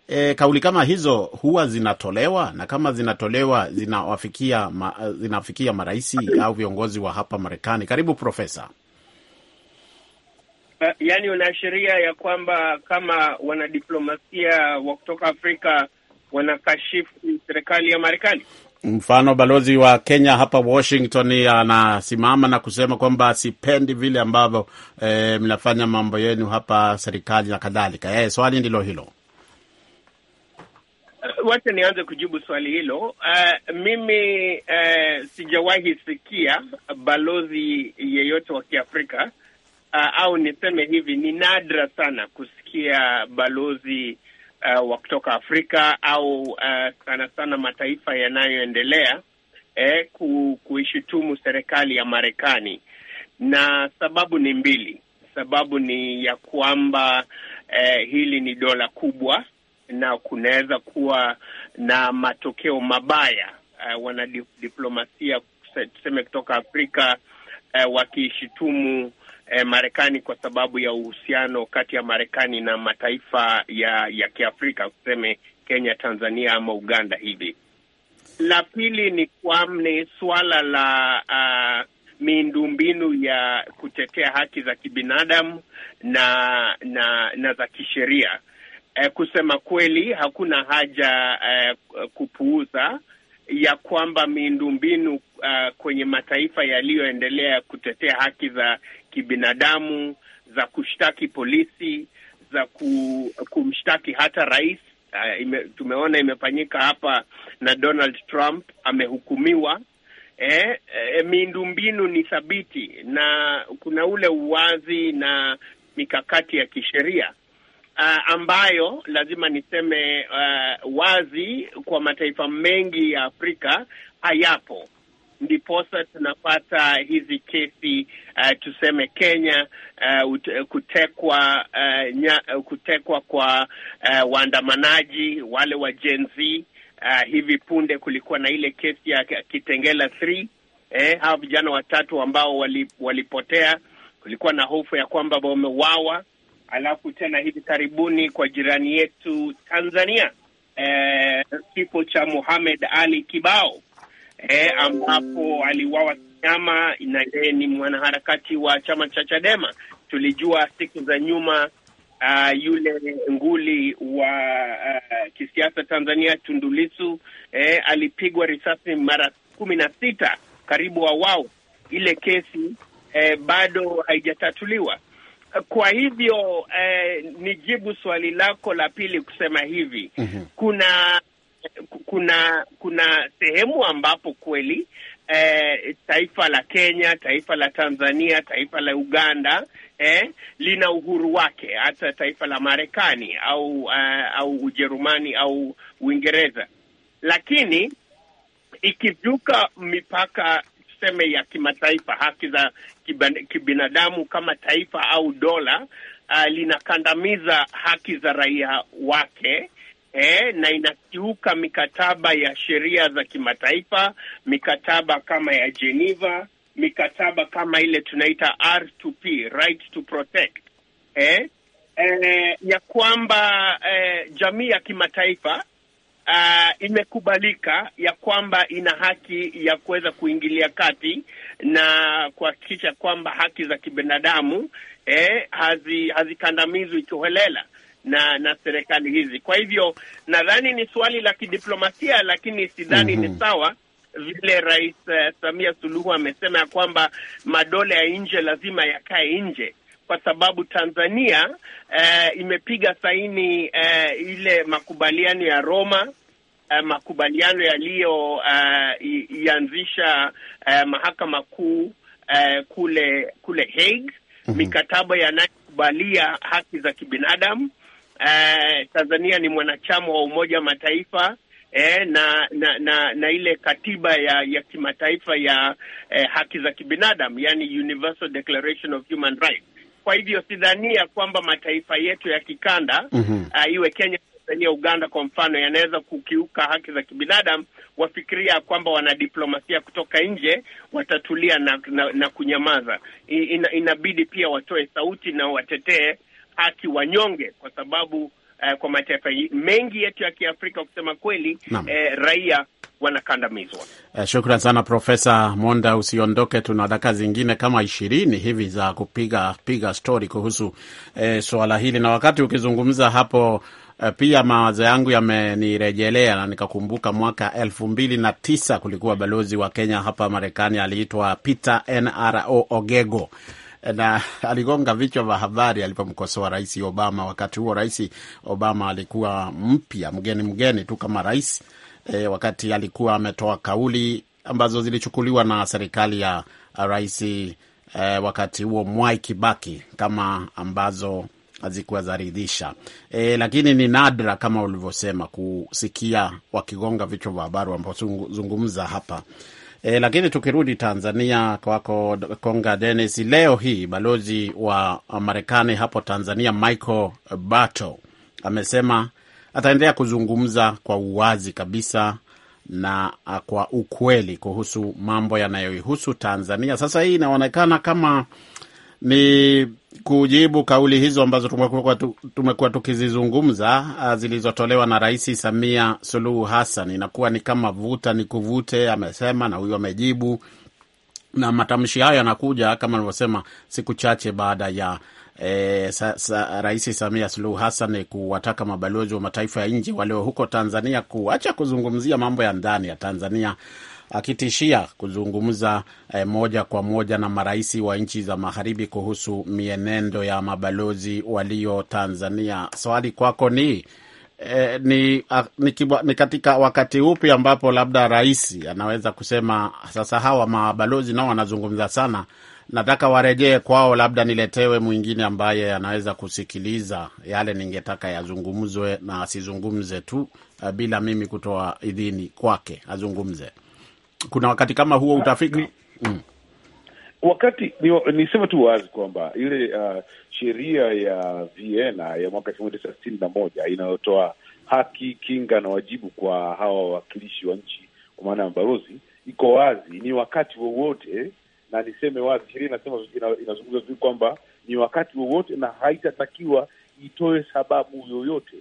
E, kauli kama hizo huwa zinatolewa na kama zinatolewa zinawafikia ma, zinafikia marais au viongozi wa hapa Marekani? Karibu Profesa. Uh, yaani unaashiria ya kwamba kama wanadiplomasia wa kutoka Afrika wanakashifu serikali ya Marekani. Mfano balozi wa Kenya hapa Washington eh, anasimama na kusema kwamba sipendi vile ambavyo eh, mnafanya mambo yenu hapa serikali na kadhalika. Eh, swali ndilo hilo. wate eh, wacha nianze kujibu swali hilo. Uh, mimi uh, sijawahi sikia balozi yeyote wa Kiafrika uh, au niseme hivi ni nadra sana kusikia balozi uh, wa kutoka Afrika au uh, sana sana mataifa yanayoendelea eh, ku, kuishutumu serikali ya Marekani na sababu ni mbili. Sababu ni ya kwamba eh, hili ni dola kubwa na kunaweza kuwa na matokeo mabaya eh, wanadiplomasia tuseme kutoka Afrika eh, wakishutumu eh, Marekani kwa sababu ya uhusiano kati ya Marekani na mataifa ya ya Kiafrika, useme Kenya, Tanzania ama Uganda hivi. La pili ni ni suala la uh, miundombinu ya kutetea haki za kibinadamu na na na za kisheria. Eh, kusema kweli hakuna haja eh, kupuuza ya kwamba miundombinu uh, kwenye mataifa yaliyoendelea kutetea haki za kibinadamu, za kushtaki polisi, za kumshtaki hata rais. Uh, ime, tumeona imefanyika hapa na Donald Trump amehukumiwa. Eh, eh, miundombinu ni thabiti na kuna ule uwazi na mikakati ya kisheria uh, ambayo lazima niseme uh, wazi kwa mataifa mengi ya Afrika hayapo ndiposa tunapata hizi kesi uh, tuseme Kenya uh, kutekwa uh, nya, kutekwa kwa uh, waandamanaji wale wa Gen Z uh, hivi punde kulikuwa na ile kesi ya Kitengela 3 eh, hawa vijana watatu ambao wali, walipotea. Kulikuwa na hofu ya kwamba wamewawa alafu tena hivi karibuni kwa jirani yetu Tanzania eh, kifo cha muhamed Ali Kibao eh, ambapo aliuawa kinyama, na yeye ni mwanaharakati wa chama cha Chadema. Tulijua siku za nyuma Uh, yule nguli wa uh, kisiasa Tanzania Tundu Lissu eh, alipigwa risasi mara kumi na sita karibu wa wao. Ile kesi eh, bado haijatatuliwa. Kwa hivyo eh, nijibu swali lako la pili kusema hivi mm -hmm. kuna kuna kuna sehemu ambapo kweli eh, taifa la Kenya, taifa la Tanzania, taifa la Uganda eh, lina uhuru wake, hata taifa la Marekani au uh, au Ujerumani au Uingereza, lakini ikivyuka mipaka tuseme ya kimataifa, haki za kibinadamu kama taifa au dola uh, linakandamiza haki za raia wake eh, na inakiuka mikataba ya sheria za kimataifa, mikataba kama ya Geneva, mikataba kama ile tunaita R2P, right to protect eh, eh, ya kwamba eh, jamii ya kimataifa Uh, imekubalika ya kwamba ina haki ya kuweza kuingilia kati na kuhakikisha kwamba haki za kibinadamu eh, hazikandamizwi hazi kiholela na na serikali hizi. Kwa hivyo nadhani ni swali la kidiplomasia, lakini sidhani mm -hmm. ni mhm. sawa vile Rais uh, Samia Suluhu amesema ya kwamba madola ya nje lazima yakae nje kwa sababu Tanzania uh, imepiga saini uh, ile makubaliano ya Roma uh, makubaliano yaliyoianzisha uh, uh, mahakama kuu uh, kule kule Hague mm -hmm. mikataba yanayokubalia haki za kibinadamu eh, Tanzania ni mwanachama wa Umoja Mataifa eh, na, na na na ile katiba ya ya kimataifa ya eh, haki za kibinadamu yani Universal Declaration of Human Rights. Kwa hivyo sidhania kwamba mataifa yetu ya kikanda mm -hmm. uh, iwe Kenya Tanzania, Uganda kwa mfano yanaweza kukiuka haki za kibinadamu wafikiria kwamba wanadiplomasia kutoka nje watatulia na, na, na kunyamaza. Ina, inabidi pia watoe sauti na watetee haki wanyonge, kwa sababu eh, kwa mataifa mengi yetu ya Kiafrika kusema kweli eh, raia wanakandamizwa. Eh, shukran sana Profesa Monda, usiondoke, tuna dakika zingine kama ishirini hivi za kupiga piga stori kuhusu eh, swala hili, na wakati ukizungumza hapo eh, pia mawazo yangu yamenirejelea na nikakumbuka mwaka elfu mbili na tisa kulikuwa balozi wa Kenya hapa Marekani aliitwa Peter Nro Ogego na [laughs] aligonga vichwa vya habari alipomkosoa Rais Obama. Wakati huo Rais Obama alikuwa mpya, mgeni mgeni tu kama rais e, wakati alikuwa ametoa kauli ambazo zilichukuliwa na serikali ya rais e, wakati huo Mwai Kibaki kama ambazo hazikuwa zaridhisha e, lakini ni nadra kama ulivyosema kusikia wakigonga vichwa vya habari wanapozungumza hapa E, lakini tukirudi Tanzania kwako Konga Dennis, leo hii balozi wa Marekani hapo Tanzania Michael Bato amesema ataendelea kuzungumza kwa uwazi kabisa na kwa ukweli kuhusu mambo yanayoihusu Tanzania. Sasa hii inaonekana kama ni kujibu kauli hizo ambazo tumekuwa tukizizungumza ah, zilizotolewa na Rais Samia Suluhu Hassan, inakuwa ni kama vuta ni kuvute, amesema na huyu amejibu, na matamshi hayo yanakuja kama alivyosema siku chache baada ya E, sa, sa, Rais Samia Suluhu Hassan kuwataka mabalozi wa mataifa ya nje walio huko Tanzania kuacha kuzungumzia mambo ya ndani ya Tanzania akitishia kuzungumza e, moja kwa moja na marais wa nchi za magharibi kuhusu mienendo ya mabalozi walio Tanzania. Swali kwako ni e, ni, a, ah, ni, kibwa, ni katika wakati upi ambapo labda rais anaweza kusema sasa hawa mabalozi nao wanazungumza sana nataka warejee kwao, labda niletewe mwingine ambaye anaweza kusikiliza yale ningetaka yazungumzwe na asizungumze tu eh, bila mimi kutoa idhini kwake azungumze kuna wakati kama huo utafika mm. mm. Wakati ni, ni tu wazi kwamba ile uh, sheria ya Vienna ya mwaka elfu moja tisa sitini na moja inayotoa haki, kinga na wajibu kwa hawa wawakilishi wa nchi kwa maana ya mabalozi iko wazi, ni wakati wowote na niseme wazi, sheria inasema inazungumza vizuri kwamba ni wakati wowote, na haitatakiwa itoe sababu yoyote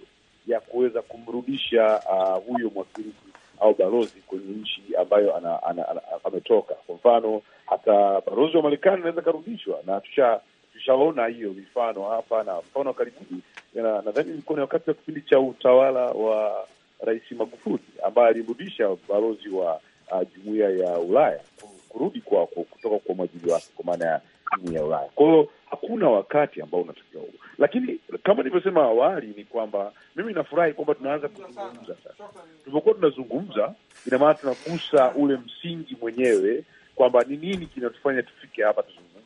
ya kuweza kumrudisha uh, huyo mwakilishi au balozi kwenye nchi ambayo ana, ana, ana, ametoka. Kwa mfano hata balozi wa Marekani anaweza karudishwa, na tusha tushaona hiyo mifano hapa na mfano wa karibuni, nadhani ilikuwa ni wakati wa kipindi cha utawala wa Rais Magufuli ambaye alirudisha balozi wa uh, jumuiya ya Ulaya kurudi kwako kutoka kwa mwajili wake kwa maana ya ya Ulaya. Kwa hiyo hakuna wakati ambao unatokea huo, lakini kama nilivyosema awali ni kwamba mimi nafurahi kwamba tunaanza kuzungumza sasa. Tulipokuwa tunazungumza, ina maana tunagusa ule msingi mwenyewe kwamba ni nini kinatufanya tufike hapa tuzungumze,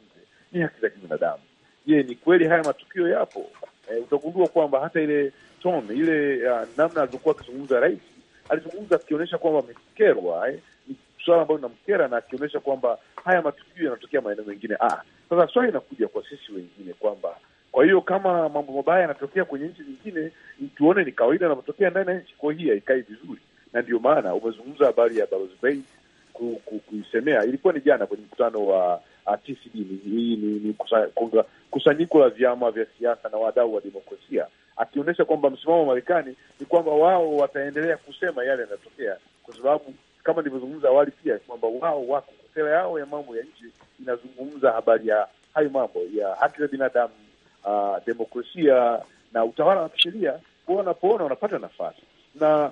ni haki za kibinadamu. Je, ni kweli haya matukio yapo? E, utagundua kwamba hata ile tone ile uh, namna alivyokuwa akizungumza rais, alizungumza akionyesha kwamba amekerwa eh, swala ambayo inamkera na akionyesha kwamba haya matukio yanatokea maeneo mengine. Ah, sasa swali inakuja kwa sisi wengine kwamba kwa hiyo kama mambo mabaya yanatokea kwenye nchi nyingine, tuone ni kawaida yanapotokea ndani ya nchi. Kwa hii haikai vizuri, na ndio maana umezungumza habari ya Barrows kuisemea. Ilikuwa ni jana kwenye mkutano wa uh, TCD, hii ni kusanyiko la vyama vya siasa na wadau wa demokrasia, akionyesha kwamba msimamo wa Marekani ni kwamba wao wataendelea kusema yale yanayotokea kwa sababu kama nilivyozungumza awali pia kwamba wao wako sera yao ya mambo ya nje inazungumza habari ya hayo mambo ya haki za binadamu, uh, demokrasia na utawala wa kisheria, kwa wanapoona wanapata nafasi na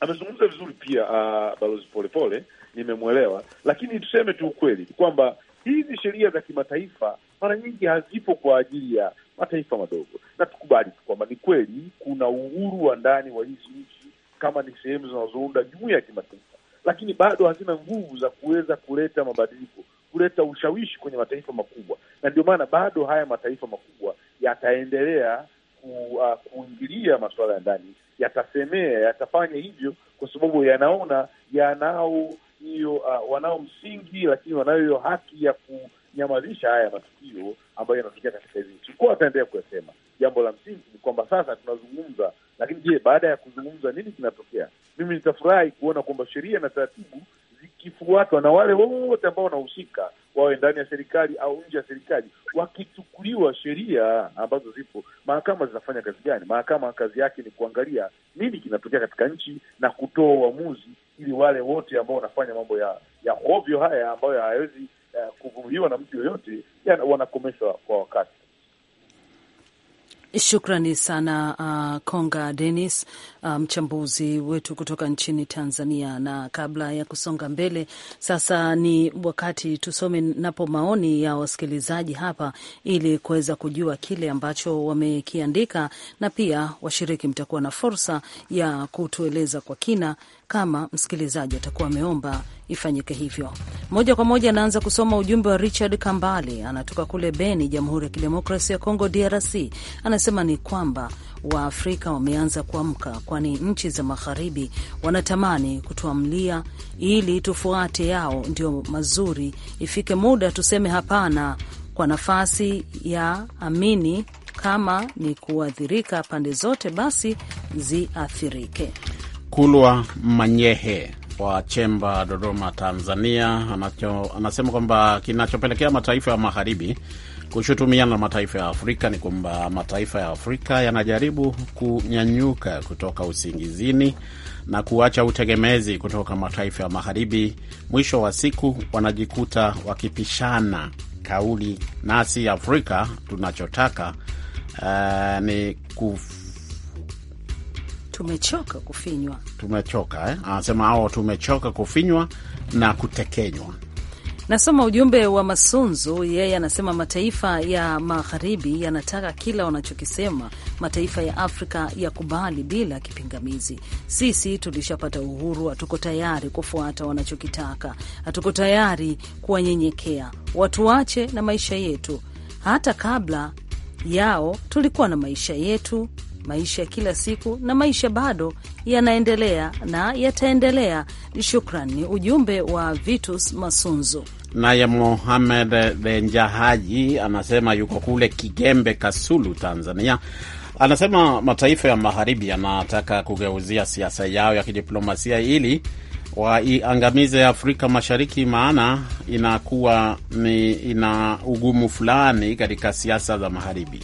amezungumza vizuri pia uh, balozi Polepole, nimemwelewa, lakini tuseme tu ukweli kwamba hizi sheria za kimataifa mara nyingi hazipo kwa ajili ya mataifa madogo, na tukubali kwamba ni kweli kuna uhuru wa ndani wa hizi nchi kama ni sehemu zinazounda jumuiya ya kimataifa lakini bado hazina nguvu za kuweza kuleta mabadiliko, kuleta ushawishi kwenye mataifa makubwa, na ndio maana bado haya mataifa makubwa yataendelea ku, uh, kuingilia masuala ya ndani, yatasemea, yatafanya hivyo kwa sababu yanaona yanao hiyo uh, wanao msingi, lakini wanayo hiyo haki ya kunyamazisha haya matukio ambayo yanatokea katika hizi nchi. Kuwa wataendelea kuyasema. Jambo la msingi ni kwamba sasa tunazungumza lakini je, baada ya kuzungumza nini kinatokea? Mimi nitafurahi kuona kwamba sheria na taratibu zikifuatwa na wale wote ambao wanahusika, wawe ndani ya serikali au nje ya serikali, wakichukuliwa sheria ambazo zipo. Mahakama zinafanya kazi gani? Mahakama kazi yake ni kuangalia nini kinatokea katika nchi na kutoa uamuzi, ili wale wote ambao wanafanya mambo ya ya ovyo haya ambayo hayawezi uh, eh, kuvumiliwa na mtu yoyote, wanakomeshwa kwa wakati. Shukrani sana uh, Konga Denis, uh, mchambuzi um, wetu kutoka nchini Tanzania. Na kabla ya kusonga mbele, sasa ni wakati tusome napo maoni ya wasikilizaji hapa, ili kuweza kujua kile ambacho wamekiandika, na pia washiriki mtakuwa na fursa ya kutueleza kwa kina kama msikilizaji atakuwa ameomba ifanyike hivyo. Moja kwa moja anaanza kusoma ujumbe wa Richard Kambale, anatoka kule Beni, Jamhuri ya Kidemokrasi ya Kongo, DRC. Anasema ni kwamba Waafrika wameanza kuamka, kwani nchi za magharibi wanatamani kutuamlia ili tufuate yao, ndio mazuri. Ifike muda tuseme hapana kwa nafasi ya amini. Kama ni kuathirika pande zote, basi ziathirike. Kulwa Manyehe wa Chemba, Dodoma, Tanzania, anacho, anasema kwamba kinachopelekea mataifa ya magharibi kushutumiana na mataifa ya Afrika ni kwamba mataifa ya Afrika yanajaribu kunyanyuka kutoka usingizini na kuacha utegemezi kutoka mataifa ya magharibi. Mwisho wa siku wanajikuta wakipishana kauli, nasi Afrika tunachotaka uh, ni kufu tumechoka kufinywa, tumechoka eh? Anasema hao tumechoka kufinywa na kutekenywa. Nasoma ujumbe wa Masunzu, yeye anasema mataifa ya magharibi yanataka kila wanachokisema mataifa ya Afrika yakubali bila kipingamizi. Sisi tulishapata uhuru, hatuko tayari kufuata wanachokitaka, hatuko tayari kuwanyenyekea. Watuache na maisha yetu, hata kabla yao tulikuwa na maisha yetu maisha ya kila siku, na maisha bado yanaendelea na yataendelea. Shukran, ni ujumbe wa Vitus Masunzu. Naye Mohamed Benjahaji anasema yuko kule Kigembe, Kasulu, Tanzania. Anasema mataifa ya magharibi yanataka kugeuzia siasa yao ya kidiplomasia ili waiangamize Afrika Mashariki, maana inakuwa ni ina ugumu fulani katika siasa za magharibi.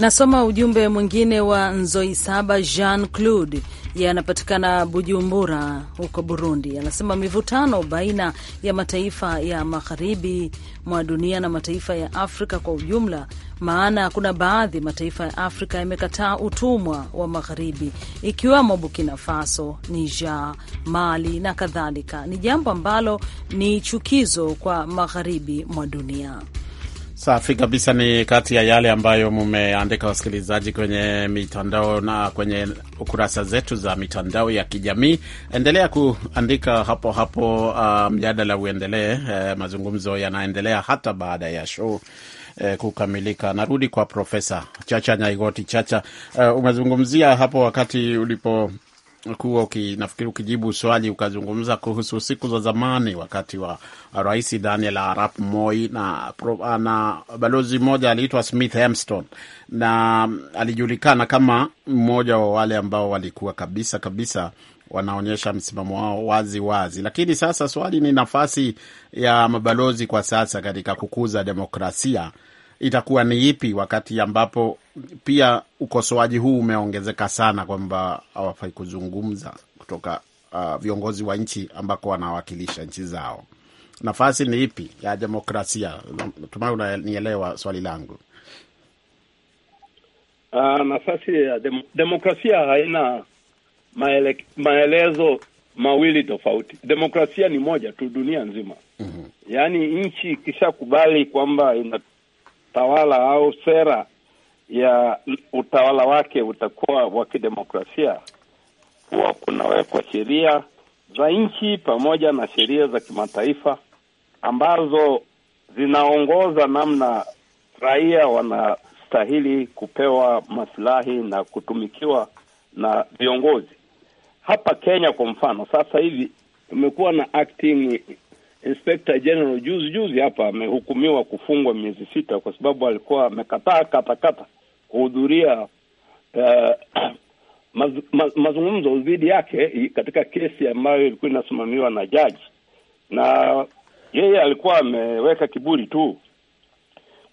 Nasoma ujumbe mwingine wa nzoi saba Jean Claude yanapatikana Bujumbura huko Burundi. Anasema mivutano baina ya mataifa ya magharibi mwa dunia na mataifa ya Afrika kwa ujumla, maana kuna baadhi mataifa ya Afrika yamekataa utumwa wa magharibi, ikiwemo Burkina Faso, Niger, Mali na kadhalika, ni jambo ambalo ni chukizo kwa magharibi mwa dunia. Safi kabisa. Ni kati ya yale ambayo mumeandika wasikilizaji kwenye mitandao na kwenye kurasa zetu za mitandao ya kijamii. Endelea kuandika hapo hapo, uh, mjadala uendelee. Uh, mazungumzo yanaendelea hata baada ya show E, kukamilika. Narudi kwa Profesa Chacha Nyaigoti Chacha. E, umezungumzia hapo wakati ulipo kuwa nafikiri ukijibu swali ukazungumza kuhusu siku za zamani wakati wa Rais Daniel Arap Moi na, na balozi mmoja aliitwa Smith Hemston na alijulikana kama mmoja wa wale ambao walikuwa kabisa kabisa wanaonyesha msimamo wao wazi wazi, lakini sasa swali ni nafasi ya mabalozi kwa sasa katika kukuza demokrasia itakuwa ni ipi, wakati ambapo pia ukosoaji huu umeongezeka sana kwamba hawafai kuzungumza kutoka uh, viongozi wa nchi ambako wanawakilisha nchi zao? Nafasi ni ipi ya demokrasia? Natumai unanielewa swali langu. Uh, nafasi ya dem demokrasia haina maele maelezo mawili tofauti. Demokrasia ni moja tu dunia nzima. mm -hmm. Yaani nchi ikishakubali kwamba ina tawala au sera ya utawala wake utakuwa wa kidemokrasia, huwa kunawekwa sheria za nchi pamoja na sheria za kimataifa ambazo zinaongoza namna raia wanastahili kupewa masilahi na kutumikiwa na viongozi. Hapa Kenya kwa mfano, sasa hivi tumekuwa na acting Inspector General juzi juzi hapa amehukumiwa kufungwa miezi sita kwa sababu alikuwa amekataa katakata kuhudhuria uh, [clears throat] maz, maz, mazungumzo dhidi yake katika kesi ambayo ilikuwa inasimamiwa na jaji, na yeye alikuwa ameweka kiburi tu.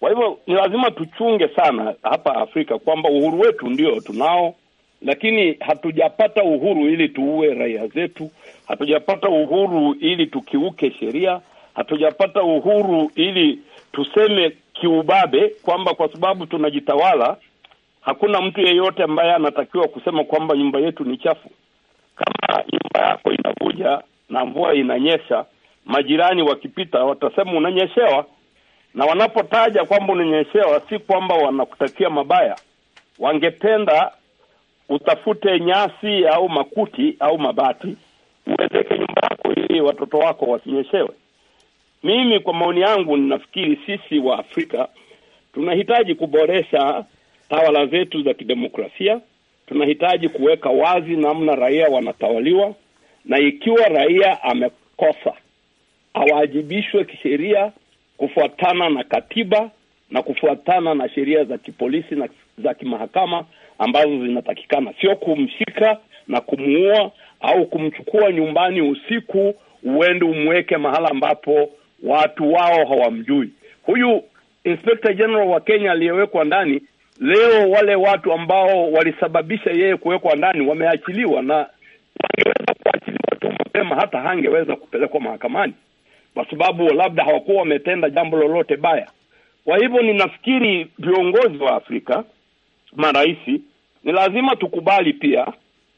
Kwa hivyo ni lazima tuchunge sana hapa Afrika kwamba uhuru wetu ndio tunao, lakini hatujapata uhuru ili tuue raia zetu hatujapata uhuru ili tukiuke sheria, hatujapata uhuru ili tuseme kiubabe kwamba kwa sababu tunajitawala hakuna mtu yeyote ambaye anatakiwa kusema kwamba nyumba yetu ni chafu. Kama nyumba yako inavuja na mvua inanyesha, majirani wakipita watasema unanyeshewa, na wanapotaja kwamba unanyeshewa, si kwamba wanakutakia mabaya. Wangependa utafute nyasi au makuti au mabati uwezeke nyumba yako ili watoto wako wasinyeshewe. Mimi kwa maoni yangu, ninafikiri sisi wa Afrika tunahitaji kuboresha tawala zetu za kidemokrasia. Tunahitaji kuweka wazi namna raia wanatawaliwa, na ikiwa raia amekosa awajibishwe kisheria kufuatana na katiba na kufuatana na sheria za kipolisi na za kimahakama ambazo zinatakikana, sio kumshika na kumuua au kumchukua nyumbani usiku, uende umweke mahala ambapo watu wao hawamjui. Huyu Inspector General wa Kenya aliyewekwa ndani leo, wale watu ambao walisababisha yeye kuwekwa ndani wameachiliwa, na wangeweza kuachiliwa tu mapema, hata hangeweza kupelekwa mahakamani kwa sababu labda hawakuwa wametenda jambo lolote baya. Kwa hivyo ninafikiri viongozi wa Afrika, maraisi ni lazima tukubali pia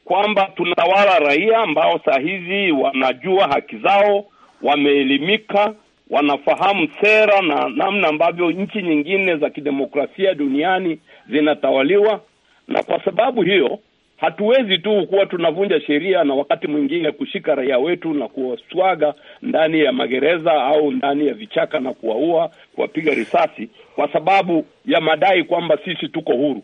kwamba tunatawala raia ambao saa hizi wanajua haki zao, wameelimika, wanafahamu sera na namna ambavyo nchi nyingine za kidemokrasia duniani zinatawaliwa. Na kwa sababu hiyo hatuwezi tu kuwa tunavunja sheria na wakati mwingine kushika raia wetu na kuwaswaga ndani ya magereza au ndani ya vichaka na kuwaua, kuwapiga risasi kwa sababu ya madai kwamba sisi tuko huru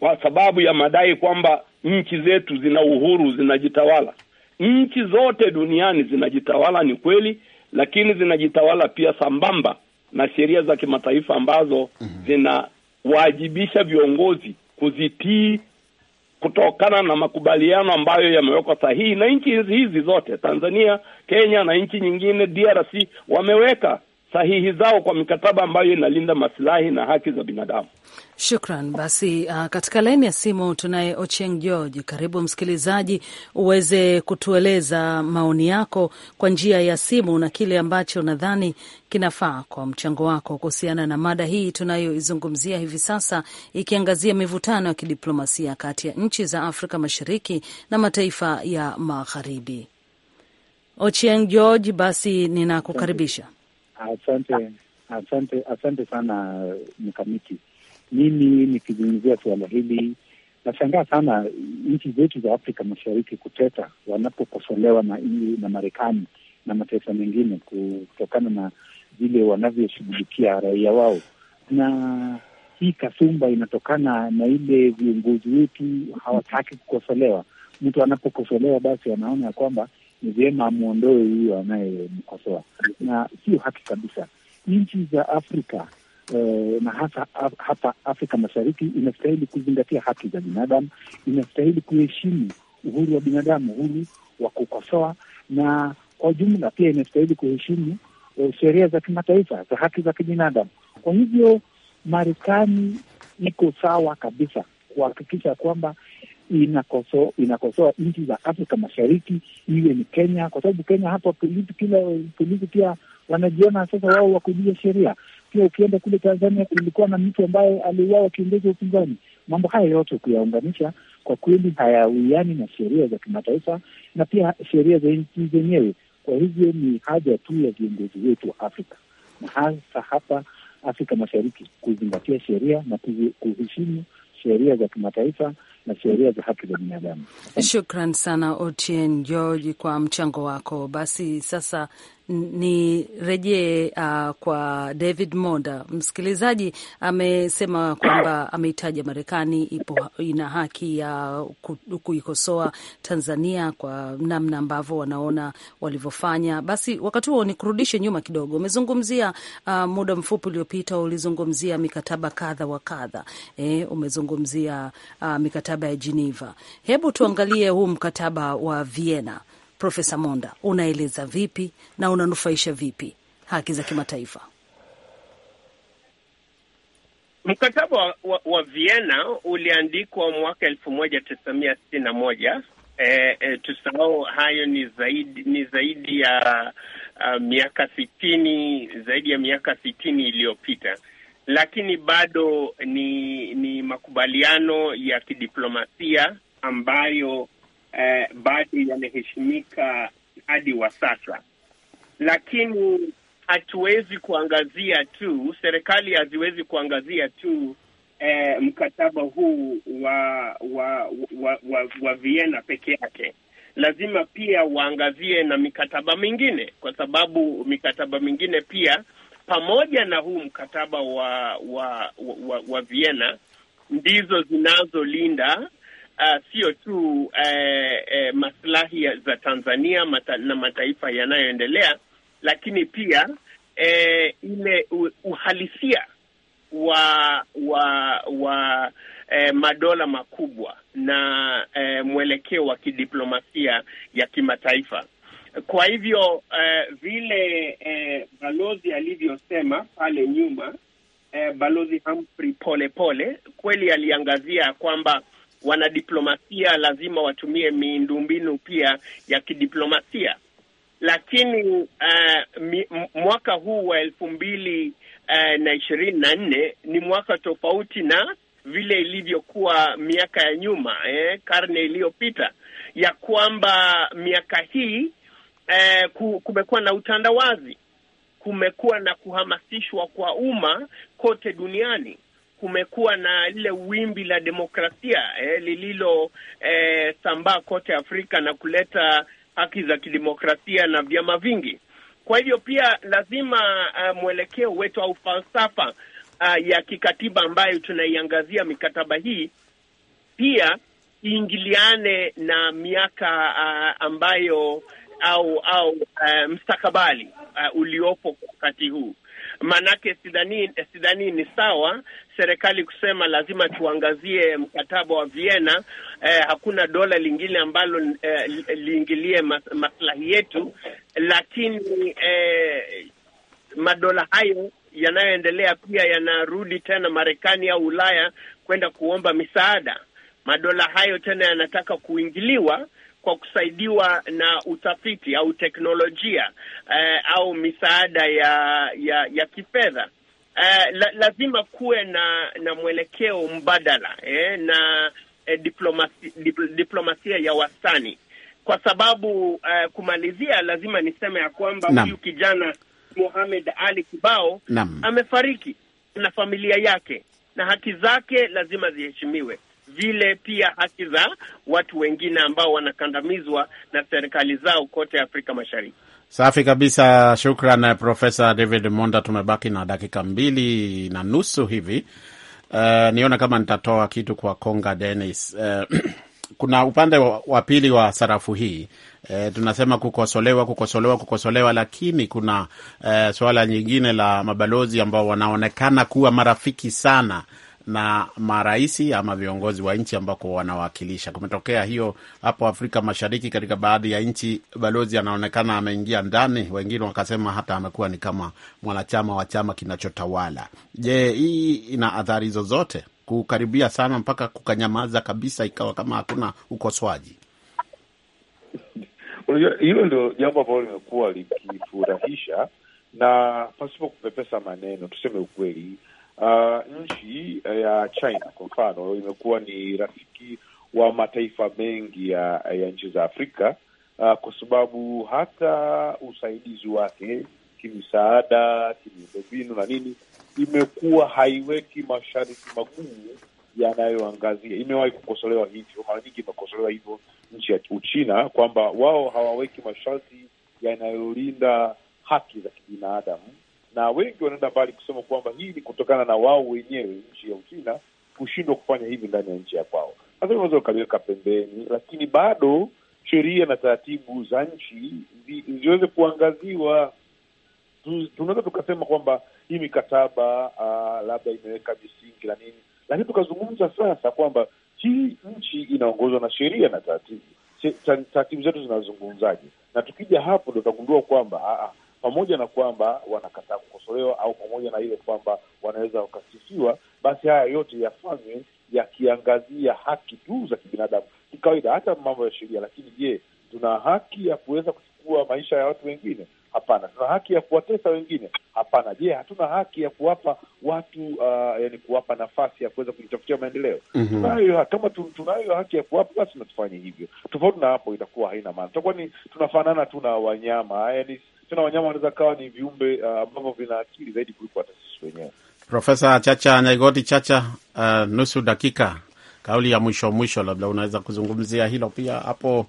kwa sababu ya madai kwamba nchi zetu zina uhuru, zinajitawala. Nchi zote duniani zinajitawala, ni kweli, lakini zinajitawala pia sambamba na sheria za kimataifa ambazo mhm. zinawajibisha viongozi kuzitii kutokana na makubaliano ambayo yamewekwa sahihi na nchi hizi hizi zote, Tanzania, Kenya na nchi nyingine, DRC wameweka sahihi zao kwa mikataba ambayo inalinda masilahi na haki za binadamu. Shukran. Basi uh, katika laini ya simu tunaye Ocheng George. Karibu msikilizaji, uweze kutueleza maoni yako kwa njia ya simu na kile ambacho nadhani kinafaa kwa mchango wako kuhusiana na mada hii tunayoizungumzia hivi sasa, ikiangazia mivutano ya kidiplomasia kati ya nchi za Afrika Mashariki na mataifa ya Magharibi. Ocheng George, basi ninakukaribisha. Asante, asante, asante sana mkamiti. Mimi nikizungumzia suala hili nashangaa sana nchi zetu za Afrika Mashariki kuteta wanapokosolewa na na Marekani na mataifa mengine kutokana na vile wanavyoshughulikia raia wao, na hii kasumba inatokana na ile viongozi wetu hawataki kukosolewa. Mtu anapokosolewa basi anaona ya kwamba ni vyema amwondoe huyo anayemkosoa, na sio haki kabisa. Nchi za Afrika eh, na hasa af, hapa Afrika Mashariki inastahili kuzingatia haki za binadamu, inastahili kuheshimu uhuru wa binadamu, uhuru wa kukosoa, na kwa jumla pia inastahili kuheshimu eh, sheria za kimataifa za haki za kibinadamu. Kwa hivyo Marekani iko sawa kabisa kuhakikisha kwamba inakosoa inakosoa nchi za Afrika Mashariki, iwe ni Kenya, kwa sababu Kenya hapa kila polisi pia wanajiona sasa wao wakujia sheria. Pia ukienda kule Tanzania kulikuwa na mtu ambaye aliuawa kiongozi wa upinzani. Mambo haya yote kuyaunganisha, kwa kweli hayawiani na sheria za kimataifa na pia sheria za nchi zenyewe. Kwa hivyo ni haja tu ya viongozi wetu wa Afrika na hasa hapa Afrika Mashariki kuzingatia sheria na kuheshimu sheria za kimataifa na sheria za haki za binadamu. Shukran sana Otien George kwa mchango wako. Basi sasa nirejee uh, kwa David Monda. Msikilizaji amesema kwamba ameitaja Marekani ipo ina haki ya uh, kuikosoa Tanzania kwa namna ambavyo wanaona walivyofanya. Basi wakati huo nikurudishe nyuma kidogo, umezungumzia uh, muda mfupi uliopita ulizungumzia mikataba kadha wa kadha eh, umezungumzia uh, mikataba ya Geneva. Hebu tuangalie huu mkataba wa Vienna Profesa Monda, unaeleza vipi na unanufaisha vipi haki za kimataifa? Mkataba wa, wa, wa Vienna uliandikwa mwaka elfu moja tisa mia sitini na moja. E, e, tusahau hayo ni zaidi ni zaidi ya uh, miaka sitini zaidi ya miaka sitini iliyopita, lakini bado ni ni makubaliano ya kidiplomasia ambayo eh, bado yameheshimika hadi wa sasa, lakini hatuwezi kuangazia tu, serikali haziwezi kuangazia tu eh, mkataba huu wa wa wa, wa, wa Vienna peke yake lazima pia waangazie na mikataba mingine, kwa sababu mikataba mingine pia pamoja na huu mkataba wa wa wa, wa, wa Vienna ndizo zinazolinda Ah, sio uh, tu uh, uh, maslahi za Tanzania mata, na mataifa yanayoendelea, lakini pia uh, ile uhalisia wa wa wa eh, madola makubwa na eh, mwelekeo wa kidiplomasia ya kimataifa. Kwa hivyo eh, vile eh, balozi alivyosema pale nyuma eh, balozi Humphrey Polepole kweli aliangazia kwamba wanadiplomasia lazima watumie miundombinu pia ya kidiplomasia, lakini uh, mi, mwaka huu wa elfu mbili uh, na ishirini na nne ni mwaka tofauti na vile ilivyokuwa miaka ya nyuma eh, karne iliyopita, ya kwamba miaka hii eh, kumekuwa na utandawazi, kumekuwa na kuhamasishwa kwa umma kote duniani kumekuwa na lile wimbi la demokrasia eh, lililosambaa eh, kote Afrika na kuleta haki za kidemokrasia na vyama vingi. Kwa hivyo pia lazima uh, mwelekeo wetu au falsafa uh, ya kikatiba ambayo tunaiangazia mikataba hii pia iingiliane na miaka uh, ambayo au au uh, mstakabali uh, uliopo wakati huu, maanake sidhani sidhani ni sawa serikali kusema lazima tuangazie mkataba wa Vienna. Eh, hakuna dola lingine ambalo eh, liingilie maslahi yetu, lakini eh, madola hayo yanayoendelea pia yanarudi tena Marekani au Ulaya kwenda kuomba misaada. Madola hayo tena yanataka kuingiliwa kwa kusaidiwa na utafiti au teknolojia eh, au misaada ya ya, ya kifedha uh, la, lazima kuwe na na mwelekeo mbadala eh, na eh, diplomasi, dip, diplomasia ya wastani kwa sababu uh, kumalizia, lazima niseme ya kwamba huyu kijana Mohamed Ali Kibao Nam. amefariki na familia yake, na haki zake lazima ziheshimiwe, vile pia haki za watu wengine ambao wanakandamizwa na serikali zao kote Afrika Mashariki. Safi kabisa, shukran eh, Profesa David Monda. Tumebaki na dakika mbili na nusu hivi. Uh, eh, niona kama nitatoa kitu kwa Konga Dennis. Uh, [clears throat] kuna upande wa pili wa sarafu hii E, tunasema kukosolewa kukosolewa kukosolewa, lakini kuna e, suala nyingine la mabalozi ambao wanaonekana kuwa marafiki sana na maraisi ama viongozi wa nchi ambako wanawakilisha. Kumetokea hiyo hapo Afrika Mashariki, katika baadhi ya nchi balozi anaonekana ameingia ndani, wengine wakasema hata amekuwa ni kama mwanachama wa chama kinachotawala. Je, hii ina athari zozote? Kukaribia sana mpaka kukanyamaza kabisa, ikawa kama hakuna ukosoaji. [laughs] Unajua, hilo ndio jambo ambalo limekuwa likifurahisha na pasipo kupepesa maneno, tuseme ukweli uh, nchi eh, ya China kwa mfano imekuwa ni rafiki wa mataifa mengi ya, ya nchi za Afrika uh, kwa sababu hata usaidizi wake kimisaada, kimiundombinu na nini imekuwa haiweki masharti magumu yanayoangazia. Imewahi kukosolewa hivyo, mara nyingi imekosolewa hivyo nchi ya Uchina kwamba wao hawaweki masharti yanayolinda haki za kibinadamu na wengi wanaenda mbali kusema kwamba hii ni kutokana na wao wenyewe nchi ya Uchina kushindwa kufanya hivi ndani ya nchi ya kwao. Sasa unaweza ukaliweka pembeni, lakini bado sheria na taratibu za nchi ziweze kuangaziwa. Tunaweza tukasema kwamba hii mikataba uh, labda imeweka misingi la nini, lakini tukazungumza sasa kwamba hii nchi inaongozwa na sheria na taratibu. Taratibu zetu zinazungumzaje? Na tukija hapo ndo tutagundua kwamba pamoja na kwamba wanakataa kukosolewa au pamoja na ile kwamba wanaweza wakasifiwa, basi haya yote yafanywe yakiangazia haki tu za kibinadamu kikawaida, hata mambo ya sheria. Lakini je, tuna haki ya kuweza kuchukua maisha ya watu wengine? Hapana. Tuna haki ya kuwatesa wengine? Hapana. Je, hatuna haki ya kuwapa watu uh, yani kuwapa nafasi ya kuweza kujitafutia maendeleo? mm -hmm. Tunayo, kama tunayo haki ya kuwapa, basi natufanye hivyo. Tofauti na hapo, itakuwa haina maana, tutakuwa ni tunafanana tu na wanyama, yani tena wanyama wanaweza kawa ni viumbe uh, ambavyo vina akili zaidi kuliko hata sisi wenyewe. Profesa Chacha Nyaigoti Chacha, uh, nusu dakika, kauli ya mwisho mwisho, labda unaweza kuzungumzia hilo pia. Hapo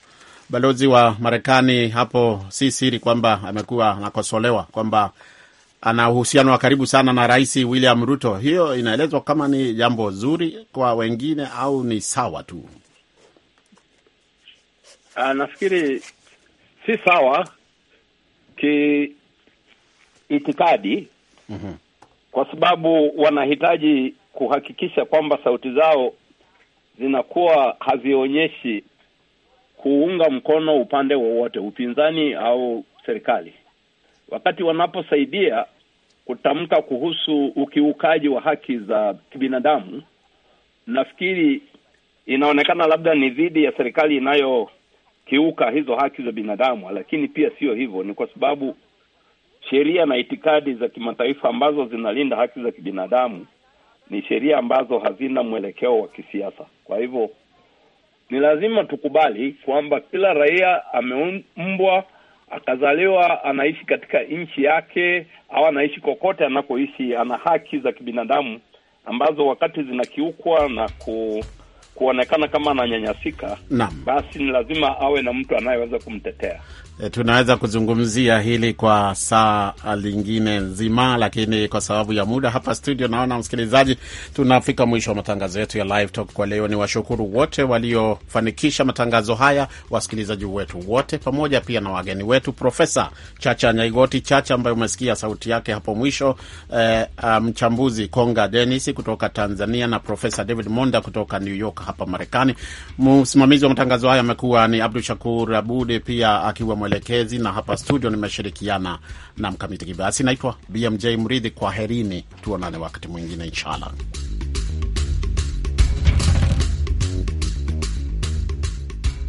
balozi wa Marekani hapo, si siri kwamba amekuwa anakosolewa kwamba ana uhusiano wa karibu sana na Rais William Ruto. Hiyo inaelezwa kama ni jambo zuri kwa wengine au ni sawa tu? Uh, nafikiri si sawa kiitikadi mm-hmm. kwa sababu wanahitaji kuhakikisha kwamba sauti zao zinakuwa hazionyeshi kuunga mkono upande wowote, upinzani au serikali, wakati wanaposaidia kutamka kuhusu ukiukaji wa haki za kibinadamu. Nafikiri inaonekana labda ni dhidi ya serikali inayo kiuka hizo haki za binadamu, lakini pia sio hivyo, ni kwa sababu sheria na itikadi za kimataifa ambazo zinalinda haki za kibinadamu ni sheria ambazo hazina mwelekeo wa kisiasa. Kwa hivyo ni lazima tukubali kwamba kila raia ameumbwa, akazaliwa, anaishi katika nchi yake au anaishi kokote anakoishi, ana haki za kibinadamu ambazo wakati zinakiukwa na ku kuonekana kama ananyanyasika, basi ni lazima awe na mtu anayeweza kumtetea e, tunaweza kuzungumzia hili kwa saa lingine nzima, lakini kwa sababu ya muda hapa studio, naona msikilizaji, tunafika mwisho wa matangazo yetu ya Live Talk kwa leo. Ni washukuru wote waliofanikisha matangazo haya, wasikilizaji wetu wote, pamoja pia na wageni wetu, Profesa Chacha Nyaigoti Chacha ambaye umesikia sauti yake hapo mwisho, e, mchambuzi um, Konga Denis kutoka Tanzania na Profesa David Monda kutoka New York hapa Marekani. Msimamizi wa matangazo haya amekuwa ni Abdu Shakur Abudi, pia akiwa mwelekezi, na hapa studio nimeshirikiana na Mkamiti Kibayasi. Naitwa BMJ Mridhi, kwaherini, tuonane wakati mwingine inshallah.